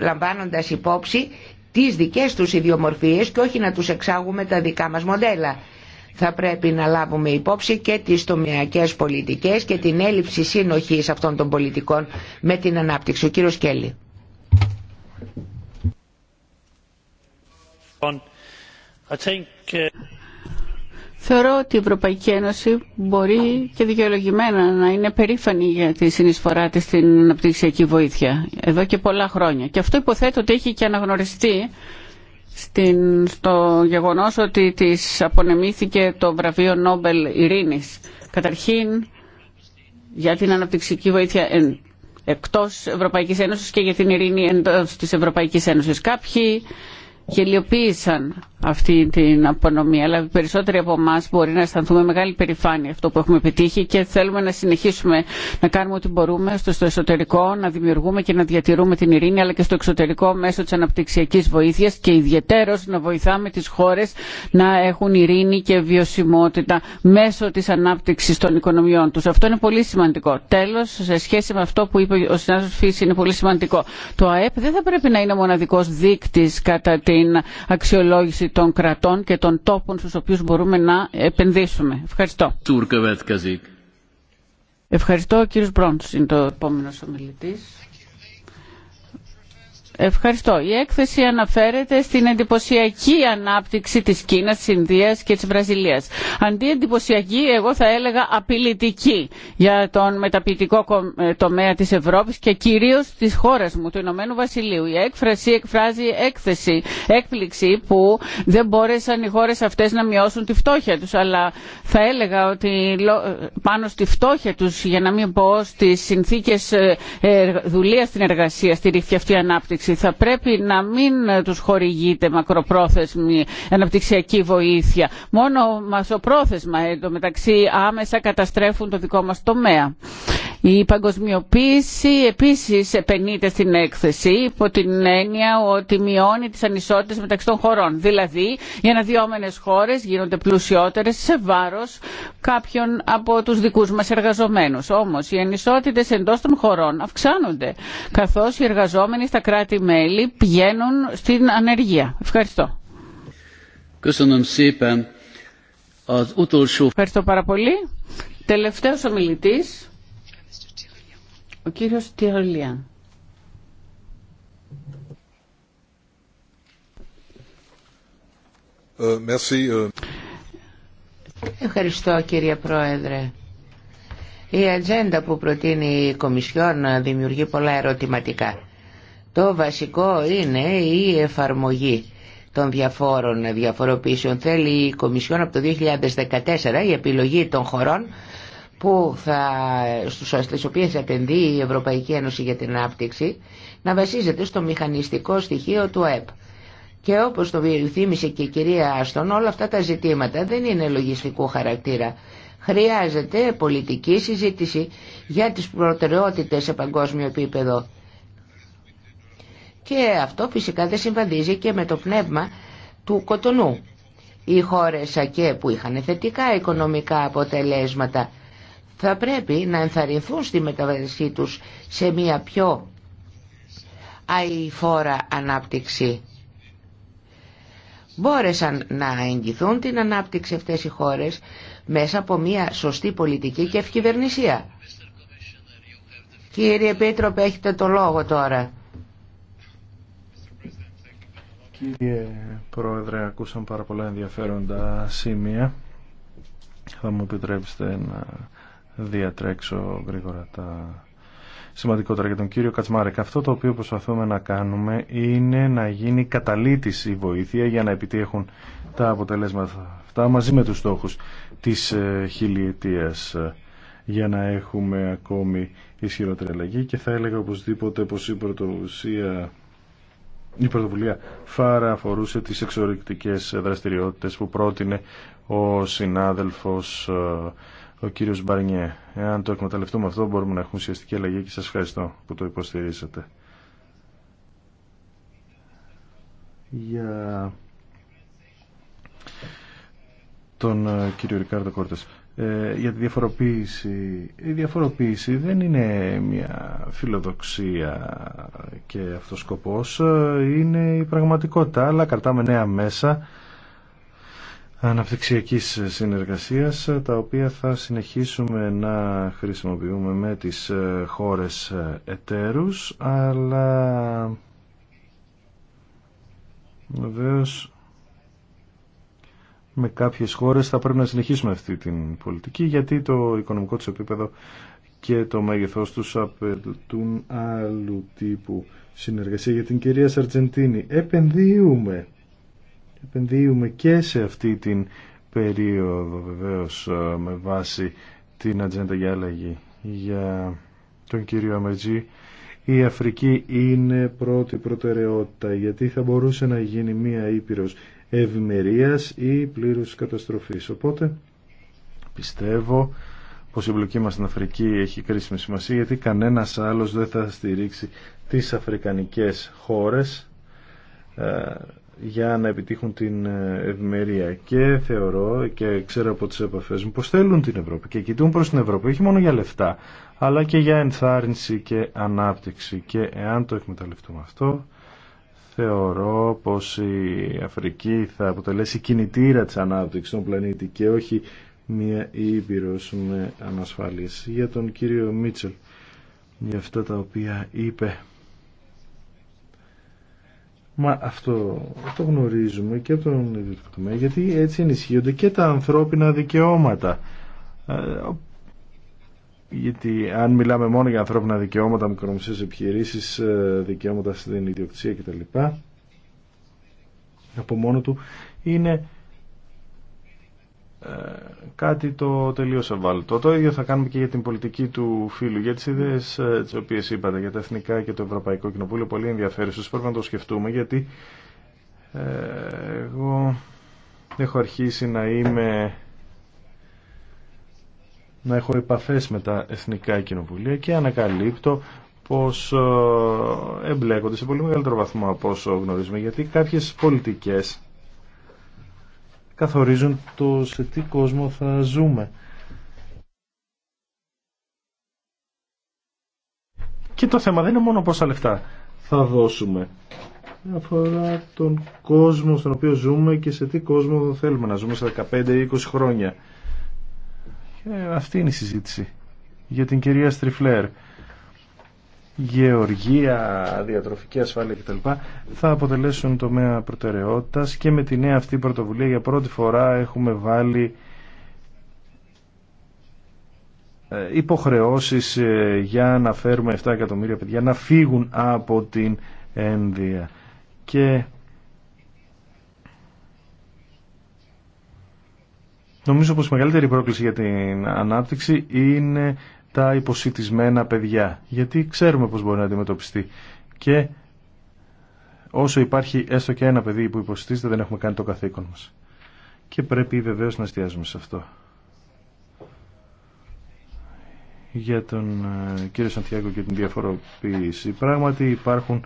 λαμβάνοντας υπόψη τις δικές τους ιδιομορφίες και όχι να τους εξάγουμε τα δικά μας μοντέλα. Θα πρέπει να λάβουμε υπόψη και τις τομιακές πολιτικές και την έλλειψη σύνοχης αυτών των πολιτικών με την ανάπτυξη. Ο κύριος Κέλλη. Uh, Θεωρώ ότι η Ευρωπαϊκή Ένωση μπορεί και δικαιολογημένα να είναι περήφανη για τη συνεισφορά της στην αναπτυξιακή βοήθεια εδώ και πολλά χρόνια. Και αυτό υποθέτω ότι έχει και αναγνωριστεί στο γεγονός ότι της απονεμήθηκε το βραβείο Νόμπελ Ειρήνης. Καταρχήν για την αναπτυξιακή βοήθεια εκτός Ευρωπαϊκής Ένωσης και για την ειρήνη εντός της Ευρωπαϊκής Ένωσης. Κάποιοι γελιοποίησαν αυτή την απονομία, αλλά περισσότεροι από εμά μπορεί να αισθανθούμε μεγάλη περηφάνεια αυτό που έχουμε πετύχει και θέλουμε να συνεχίσουμε να κάνουμε ό,τι μπορούμε στο, εσωτερικό να δημιουργούμε και να διατηρούμε την ειρήνη αλλά και στο εξωτερικό μέσω τη αναπτυξιακή βοήθεια και ιδιαίτερω να βοηθάμε τι χώρε να έχουν ειρήνη και βιωσιμότητα μέσω τη ανάπτυξη των οικονομιών του. Αυτό είναι πολύ σημαντικό. Τέλο, σε σχέση με αυτό που είπε ο Συνάδελφο Φύση είναι πολύ σημαντικό. Το ΑΕΠ δεν θα πρέπει να είναι ο κατά τη την αξιολόγηση των κρατών και των τόπων στους οποίους μπορούμε να επενδύσουμε. Ευχαριστώ. Ευχαριστώ. κύριος Μπρόντς είναι το επόμενος ομιλητής. Ευχαριστώ. Η έκθεση αναφέρεται στην εντυπωσιακή ανάπτυξη της Κίνας, της Ινδίας και της Βραζιλίας. Αντί εντυπωσιακή, εγώ θα έλεγα απειλητική για τον μεταποιητικό ε, τομέα της Ευρώπης και κυρίως της χώρας μου, του Ηνωμένου Βασιλείου. Η έκφραση εκφράζει έκθεση, έκπληξη που δεν μπόρεσαν οι χώρες αυτές να μειώσουν τη φτώχεια τους. Αλλά θα έλεγα ότι πάνω στη φτώχεια τους, για να μην πω στις συνθήκες ε, ε, δουλείας στην εργασία, στη αυτή ανάπτυξη θα πρέπει να μην τους χορηγείται μακροπρόθεσμη αναπτυξιακή βοήθεια. Μόνο μασοπρόθεσμα, εν μεταξύ άμεσα καταστρέφουν το δικό μας τομέα. Η παγκοσμιοποίηση επίσης επενείται στην έκθεση υπό την έννοια ότι μειώνει τις ανισότητες μεταξύ των χωρών. Δηλαδή, οι αναδυόμενες χώρες γίνονται πλουσιότερες σε βάρος κάποιων από τους δικούς μας εργαζομένους. Όμως, οι ανισότητες εντός των χωρών αυξάνονται, καθώς οι εργαζόμενοι στα κράτη-μέλη πηγαίνουν στην ανεργία. Ευχαριστώ. Ευχαριστώ πάρα πολύ. Τελευταίος ομιλητής ο κύριος Τιρλιάν. Ε, ε. Ευχαριστώ κύριε Πρόεδρε. Η ατζέντα που προτείνει η Κομισιόν δημιουργεί πολλά ερωτηματικά. Το βασικό είναι η εφαρμογή των διαφόρων διαφοροποίησεων. Θέλει η Κομισιόν από το 2014 η επιλογή των χωρών που θα, στις οποίες επενδύει η Ευρωπαϊκή Ένωση για την Ανάπτυξη να βασίζεται στο μηχανιστικό στοιχείο του ΕΠ. Και όπως το θύμισε και η κυρία Άστον, όλα αυτά τα ζητήματα δεν είναι λογιστικού χαρακτήρα. Χρειάζεται πολιτική συζήτηση για τις προτεραιότητες σε παγκόσμιο επίπεδο. Και αυτό φυσικά δεν συμβαδίζει και με το πνεύμα του κοτονού. Οι χώρες ΑΚΕ που είχαν θετικά οικονομικά αποτελέσματα θα πρέπει να ενθαρρυνθούν στη μεταβασή τους σε μια πιο αηφόρα ανάπτυξη. Μπόρεσαν να εγγυθούν την ανάπτυξη αυτές οι χώρες μέσα από μια σωστή πολιτική και ευκυβερνησία. Κύριε Επίτροπε, έχετε το λόγο τώρα. Κύριε Πρόεδρε, ακούσαμε πάρα πολλά ενδιαφέροντα σημεία. Θα μου επιτρέψετε να διατρέξω γρήγορα τα σημαντικότερα για τον κύριο Κατσμάρεκ. Αυτό το οποίο προσπαθούμε να κάνουμε είναι να γίνει καταλήτης η βοήθεια για να επιτύχουν τα αποτελέσματα αυτά μαζί με τους στόχους της ε, χιλιετίας ε, για να έχουμε ακόμη ισχυρότερη αλλαγή και θα έλεγα οπωσδήποτε πως η πρωτοβουσία η πρωτοβουλία Φάρα αφορούσε τις εξορρυκτικές δραστηριότητες που πρότεινε ο συνάδελφος ε, ο κύριος Μπαρνιέ. Εάν το εκμεταλλευτούμε αυτό μπορούμε να έχουμε ουσιαστική αλλαγή και σας ευχαριστώ που το υποστηρίσατε. Για τον ε, κύριο Ρικάρδο Κόρτες. Ε, για τη διαφοροποίηση. Η διαφοροποίηση δεν είναι μια φιλοδοξία και αυτός σκοπός. Ε, είναι η πραγματικότητα, αλλά κρατάμε νέα μέσα αναπτυξιακής συνεργασίας τα οποία θα συνεχίσουμε να χρησιμοποιούμε με τις ε, χώρες ε, εταίρους αλλά βεβαίω με κάποιες χώρες θα πρέπει να συνεχίσουμε αυτή την πολιτική γιατί το οικονομικό του επίπεδο και το μέγεθός τους απαιτούν άλλου τύπου συνεργασία για την κυρία Σαρτζεντίνη επενδύουμε επενδύουμε και σε αυτή την περίοδο βεβαίως ε, με βάση την ατζέντα για αλλαγή. Για τον κύριο Αμερτζή η Αφρική είναι πρώτη προτεραιότητα γιατί θα μπορούσε να γίνει μία ήπειρος ευημερία ή πλήρους καταστροφής. Οπότε πιστεύω πως η εμπλοκή μας στην Αφρική έχει κρίσιμη σημασία γιατί κανένας άλλος δεν θα στηρίξει τις αφρικανικές χώρες ε, για να επιτύχουν την ε, ευημερία και θεωρώ και ξέρω από τις επαφές μου πως θέλουν την Ευρώπη και κοιτούν προς την Ευρώπη όχι μόνο για λεφτά αλλά και για ενθάρρυνση και ανάπτυξη και εάν το εκμεταλλευτούμε αυτό θεωρώ πως η Αφρική θα αποτελέσει κινητήρα της ανάπτυξης στον πλανήτη και όχι μια ήπειρος με ανασφάλιση για τον κύριο Μίτσελ για αυτά τα οποία είπε Μα αυτό το γνωρίζουμε και από τον ιδιωτικό τομέα γιατί έτσι ενισχύονται και τα ανθρώπινα δικαιώματα. Ε, γιατί αν μιλάμε μόνο για ανθρώπινα δικαιώματα, μικρομεσαίες επιχειρήσεις, ε, δικαιώματα στην ιδιοκτησία κτλ. Από μόνο του είναι ε, κάτι το τελείως ευάλωτο. Το ίδιο θα κάνουμε και για την πολιτική του φίλου, για τις ιδέες ε, τις είπατε, για τα εθνικά και το Ευρωπαϊκό Κοινοβούλιο, πολύ ενδιαφέρουσες, πρέπει να το σκεφτούμε, γιατί ε, εγώ έχω αρχίσει να είμαι να έχω επαφές με τα εθνικά κοινοβουλία και ανακαλύπτω πως εμπλέκονται σε πολύ μεγαλύτερο βαθμό από όσο γνωρίζουμε γιατί κάποιες πολιτικές καθορίζουν το σε τι κόσμο θα ζούμε. Και το θέμα δεν είναι μόνο πόσα λεφτά θα δώσουμε. Αφορά τον κόσμο στον οποίο ζούμε και σε τι κόσμο θέλουμε να ζούμε σε 15-20 χρόνια. αυτή είναι η συζήτηση για την κυρία Στριφλέρ γεωργία, διατροφική ασφάλεια κτλ. θα αποτελέσουν τομέα προτεραιότητας και με τη νέα αυτή πρωτοβουλία για πρώτη φορά έχουμε βάλει ε, υποχρεώσεις ε, για να φέρουμε 7 εκατομμύρια παιδιά να φύγουν από την ένδυα. Και νομίζω πως η μεγαλύτερη πρόκληση για την ανάπτυξη είναι τα υποσυτισμένα παιδιά. Γιατί ξέρουμε πώς μπορεί να αντιμετωπιστεί. Και όσο υπάρχει έστω και ένα παιδί που υποσυτίζεται δεν έχουμε κάνει το καθήκον μας. Και πρέπει βεβαίω να εστιάζουμε σε αυτό. Για τον ε, κύριο Σαντιάκο και την διαφοροποίηση. Πράγματι υπάρχουν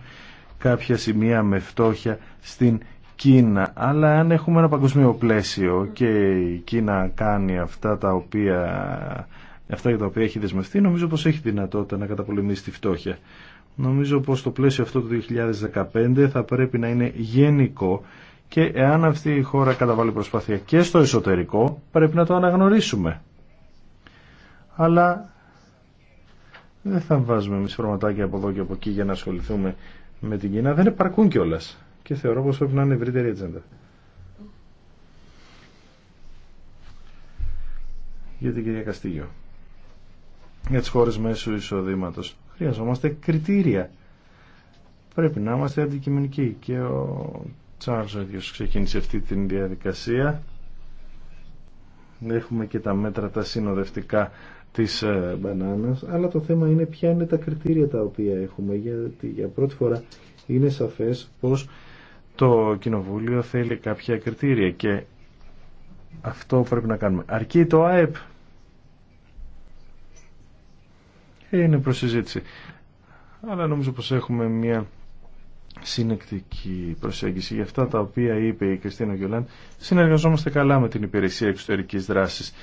κάποια σημεία με φτώχεια στην Κίνα. Αλλά αν έχουμε ένα παγκοσμίο πλαίσιο και η Κίνα κάνει αυτά τα οποία αυτά για τα οποία έχει δεσμευτεί, νομίζω πως έχει δυνατότητα να καταπολεμήσει τη φτώχεια. Νομίζω πως το πλαίσιο αυτό του 2015 θα πρέπει να είναι γενικό και εάν αυτή η χώρα καταβάλει προσπάθεια και στο εσωτερικό πρέπει να το αναγνωρίσουμε. Αλλά δεν θα βάζουμε εμείς πραγματάκια από εδώ και από εκεί για να ασχοληθούμε με την Κίνα. Δεν επαρκούν κιόλα. και θεωρώ πως πρέπει να είναι ευρύτερη ατζέντα. Για την κυρία Καστίγιο για τις χώρες μέσου εισοδήματο. Χρειαζόμαστε κριτήρια. Πρέπει να είμαστε αντικειμενικοί και ο Τσάρλς ο ίδιος ξεκίνησε αυτή την διαδικασία. Έχουμε και τα μέτρα τα συνοδευτικά της ε, μπανάνας, αλλά το θέμα είναι ποια είναι τα κριτήρια τα οποία έχουμε, γιατί για πρώτη φορά είναι σαφές πως το Κοινοβούλιο θέλει κάποια κριτήρια και αυτό πρέπει να κάνουμε. Αρκεί το ΑΕΠ είναι προσυζήτηση. Αλλά νομίζω πως έχουμε μια συνεκτική προσέγγιση για αυτά τα οποία είπε η Κριστίνα Γιολάν. Συνεργαζόμαστε καλά με την υπηρεσία εξωτερικής δράσης.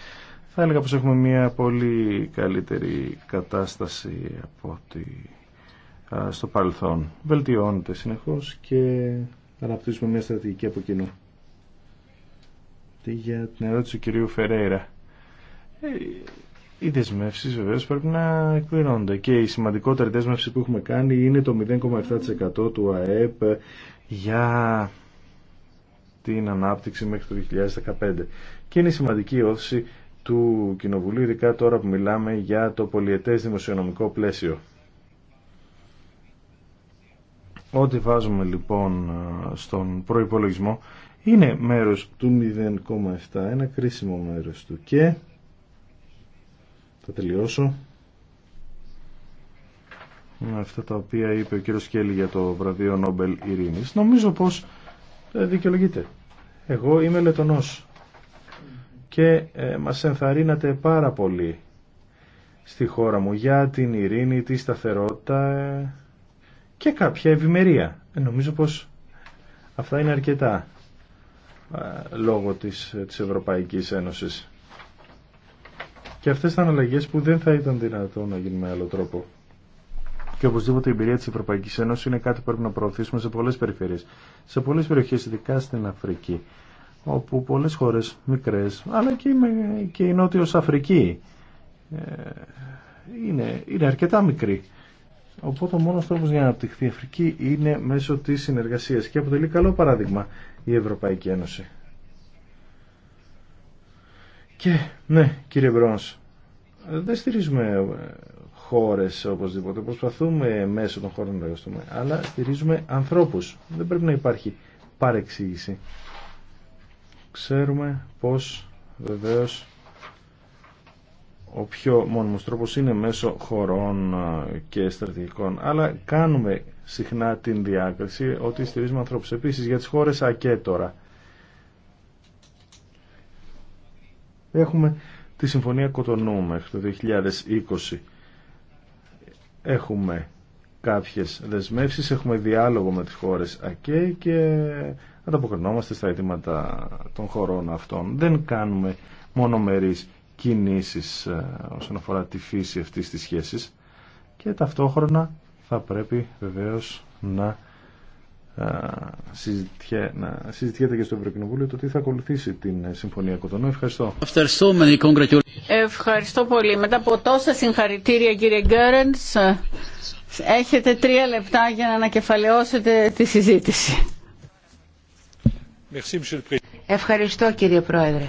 Θα έλεγα πως έχουμε μια πολύ καλύτερη κατάσταση από ότι στο παρελθόν. Βελτιώνεται συνεχώς και αναπτύσσουμε μια στρατηγική από κοινού. Για την ερώτηση του κυρίου Φερέιρα. Ε, οι δεσμεύσει βεβαίω πρέπει να εκπληρώνονται και η σημαντικότερη δέσμευση που έχουμε κάνει είναι το 0,7% του ΑΕΠ για την ανάπτυξη μέχρι το 2015. Και είναι σημαντική όθηση του Κοινοβουλίου, ειδικά τώρα που μιλάμε για το πολιετές δημοσιονομικό πλαίσιο. Ό,τι βάζουμε λοιπόν στον προϋπολογισμό είναι μέρος του 0,7, ένα κρίσιμο μέρος του και θα τελειώσω με αυτά τα οποία είπε ο κύριος Σκέλη για το βραβείο Νόμπελ Ειρήνης. Νομίζω πως ε, δικαιολογείται. Εγώ είμαι λετονός και ε, μας ενθαρρύνατε πάρα πολύ στη χώρα μου για την ειρήνη, τη σταθερότητα ε, και κάποια ευημερία. Νομίζω πως αυτά είναι αρκετά λόγω της, της Ευρωπαϊκής Ένωσης. Και αυτές ήταν αλλαγέ που δεν θα ήταν δυνατό να γίνουν με άλλο τρόπο. Και οπωσδήποτε η εμπειρία τη Ευρωπαϊκή Ένωση είναι κάτι που πρέπει να προωθήσουμε σε πολλέ περιφέρειε. Σε πολλέ περιοχέ, ειδικά στην Αφρική, όπου πολλέ χώρε μικρέ, αλλά και, η και η Νότιο Αφρική, ε, είναι, είναι αρκετά μικρή. Οπότε ο μόνο τρόπο για να αναπτυχθεί η Αφρική είναι μέσω τη συνεργασία και αποτελεί καλό παράδειγμα η Ευρωπαϊκή Ένωση. Και ναι, κύριε Μπρόνς, δεν στηρίζουμε ε, χώρες οπωσδήποτε, προσπαθούμε μέσω των χώρων να εργαστούμε, αλλά στηρίζουμε ανθρώπους. Δεν πρέπει να υπάρχει παρεξήγηση. Ξέρουμε πως βεβαίως ο πιο μόνιμος τρόπος είναι μέσω χωρών ε, και στρατηγικών. Αλλά κάνουμε συχνά την διάκριση ότι στηρίζουμε ανθρώπους. Επίσης για τις χώρες ΑΚΕ Έχουμε τη Συμφωνία Κοτονού μέχρι το 2020. Έχουμε κάποιες δεσμεύσεις, έχουμε διάλογο με τις χώρες ΑΚΕ και ανταποκρινόμαστε στα αιτήματα των χωρών αυτών. Δεν κάνουμε μονομερείς κινήσεις ε, όσον αφορά τη φύση αυτής της σχέσης και ταυτόχρονα θα πρέπει βεβαίως να να συζητιέται και στο Ευρωκοινοβούλιο το τι θα ακολουθήσει την ε, Συμφωνία Κοτονού. Ευχαριστώ. Ευχαριστώ πολύ. Μετά από τόσα συγχαρητήρια κύριε Γκέρενς, έχετε τρία λεπτά για να ανακεφαλαιώσετε τη συζήτηση. Ευχαριστώ κύριε Πρόεδρε.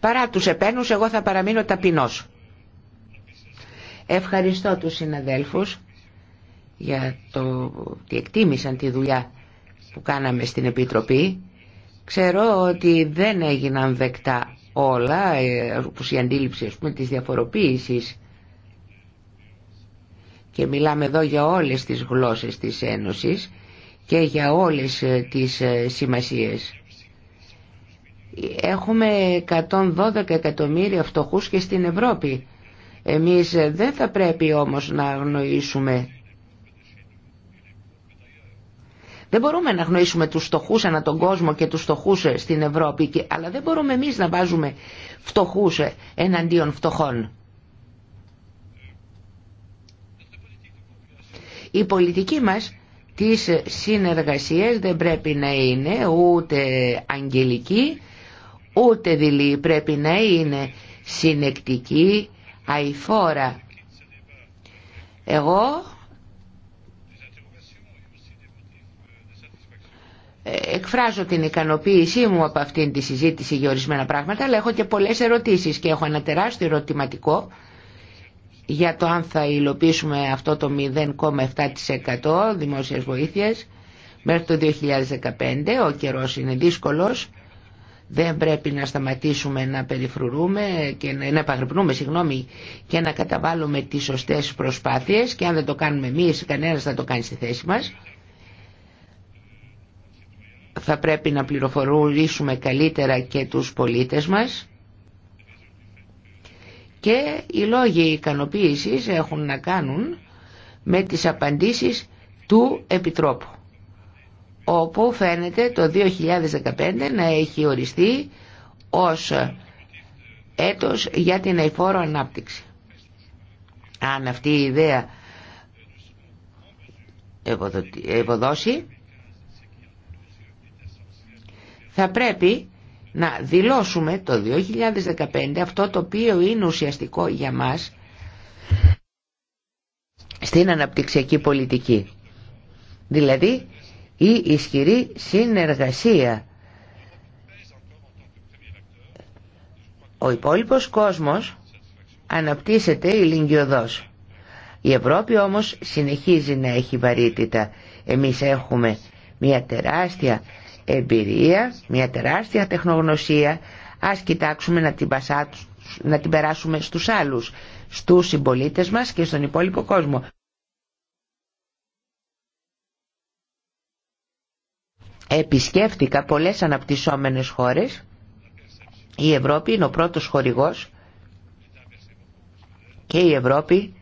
Παρά τους επένους εγώ θα παραμείνω ταπεινός. Ευχαριστώ τους συναδέλφους για το ότι εκτίμησαν τη δουλειά που κάναμε στην Επιτροπή. Ξέρω ότι δεν έγιναν δεκτά όλα, ε, όπως η αντίληψη πούμε, της διαφοροποίησης και μιλάμε εδώ για όλες τις γλώσσες της Ένωσης και για όλες ε, τις ε, σημασίες. Έχουμε 112 εκατομμύρια φτωχούς και στην Ευρώπη. Εμείς δεν θα πρέπει όμως να αγνοήσουμε Δεν μπορούμε να γνωρίσουμε τους φτωχούς ανά τον κόσμο και τους φτωχούς ε, στην Ευρώπη, αλλά δεν μπορούμε εμείς να βάζουμε φτωχούς ε, εναντίον φτωχών. Η πολιτική μας της ε, συνεργασίας δεν πρέπει να είναι ούτε αγγελική, ούτε δειλή πρέπει να είναι συνεκτική, αηφόρα. Εγώ εκφράζω την ικανοποίησή μου από αυτήν τη συζήτηση για ορισμένα πράγματα, αλλά έχω και πολλές ερωτήσεις και έχω ένα τεράστιο ερωτηματικό για το αν θα υλοποιήσουμε αυτό το 0,7% δημόσιας βοήθειες μέχρι το 2015. Ο καιρός είναι δύσκολος. Δεν πρέπει να σταματήσουμε να περιφρουρούμε και να, να επαγρυπνούμε συγγνώμη, και να καταβάλουμε τις σωστές προσπάθειες και αν δεν το κάνουμε εμείς κανένας θα το κάνει στη θέση μας θα πρέπει να πληροφορήσουμε καλύτερα και τους πολίτες μας και οι λόγοι ικανοποίησης έχουν να κάνουν με τις απαντήσεις του Επιτρόπου όπου φαίνεται το 2015 να έχει οριστεί ως έτος για την αϊφόρο ανάπτυξη. Αν αυτή η ιδέα ευωδώσει θα πρέπει να δηλώσουμε το 2015 αυτό το οποίο είναι ουσιαστικό για μας στην αναπτυξιακή πολιτική. Δηλαδή η ισχυρή συνεργασία. Ο υπόλοιπος κόσμος αναπτύσσεται ηλικιωδώς. Η Ευρώπη όμως συνεχίζει να έχει βαρύτητα. Εμείς έχουμε μια τεράστια εμπειρία, μια τεράστια τεχνογνωσία, ας κοιτάξουμε να την, πασά, να την περάσουμε στους άλλους, στους συμπολίτε μας και στον υπόλοιπο κόσμο. Επισκέφτηκα πολλές αναπτυσσόμενες χώρες. Η Ευρώπη είναι ο πρώτος χορηγός και η Ευρώπη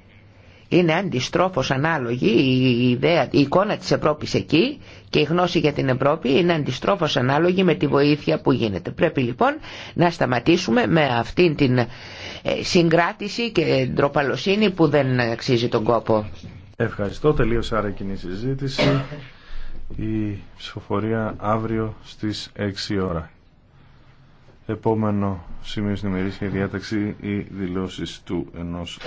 είναι αντιστρόφως ανάλογη η, ιδέα, η εικόνα της Ευρώπης εκεί και η γνώση για την Ευρώπη είναι αντιστρόφως ανάλογη με τη βοήθεια που γίνεται. Πρέπει λοιπόν να σταματήσουμε με αυτήν την ε, συγκράτηση και ντροπαλοσύνη που δεν αξίζει τον κόπο. Ευχαριστώ. Τελείωσε άρα κοινή συζήτηση. Η ψηφοφορία αύριο στις 6 ώρα. Επόμενο σημείο στην ημερήσια διάταξη οι δηλώσεις του ενός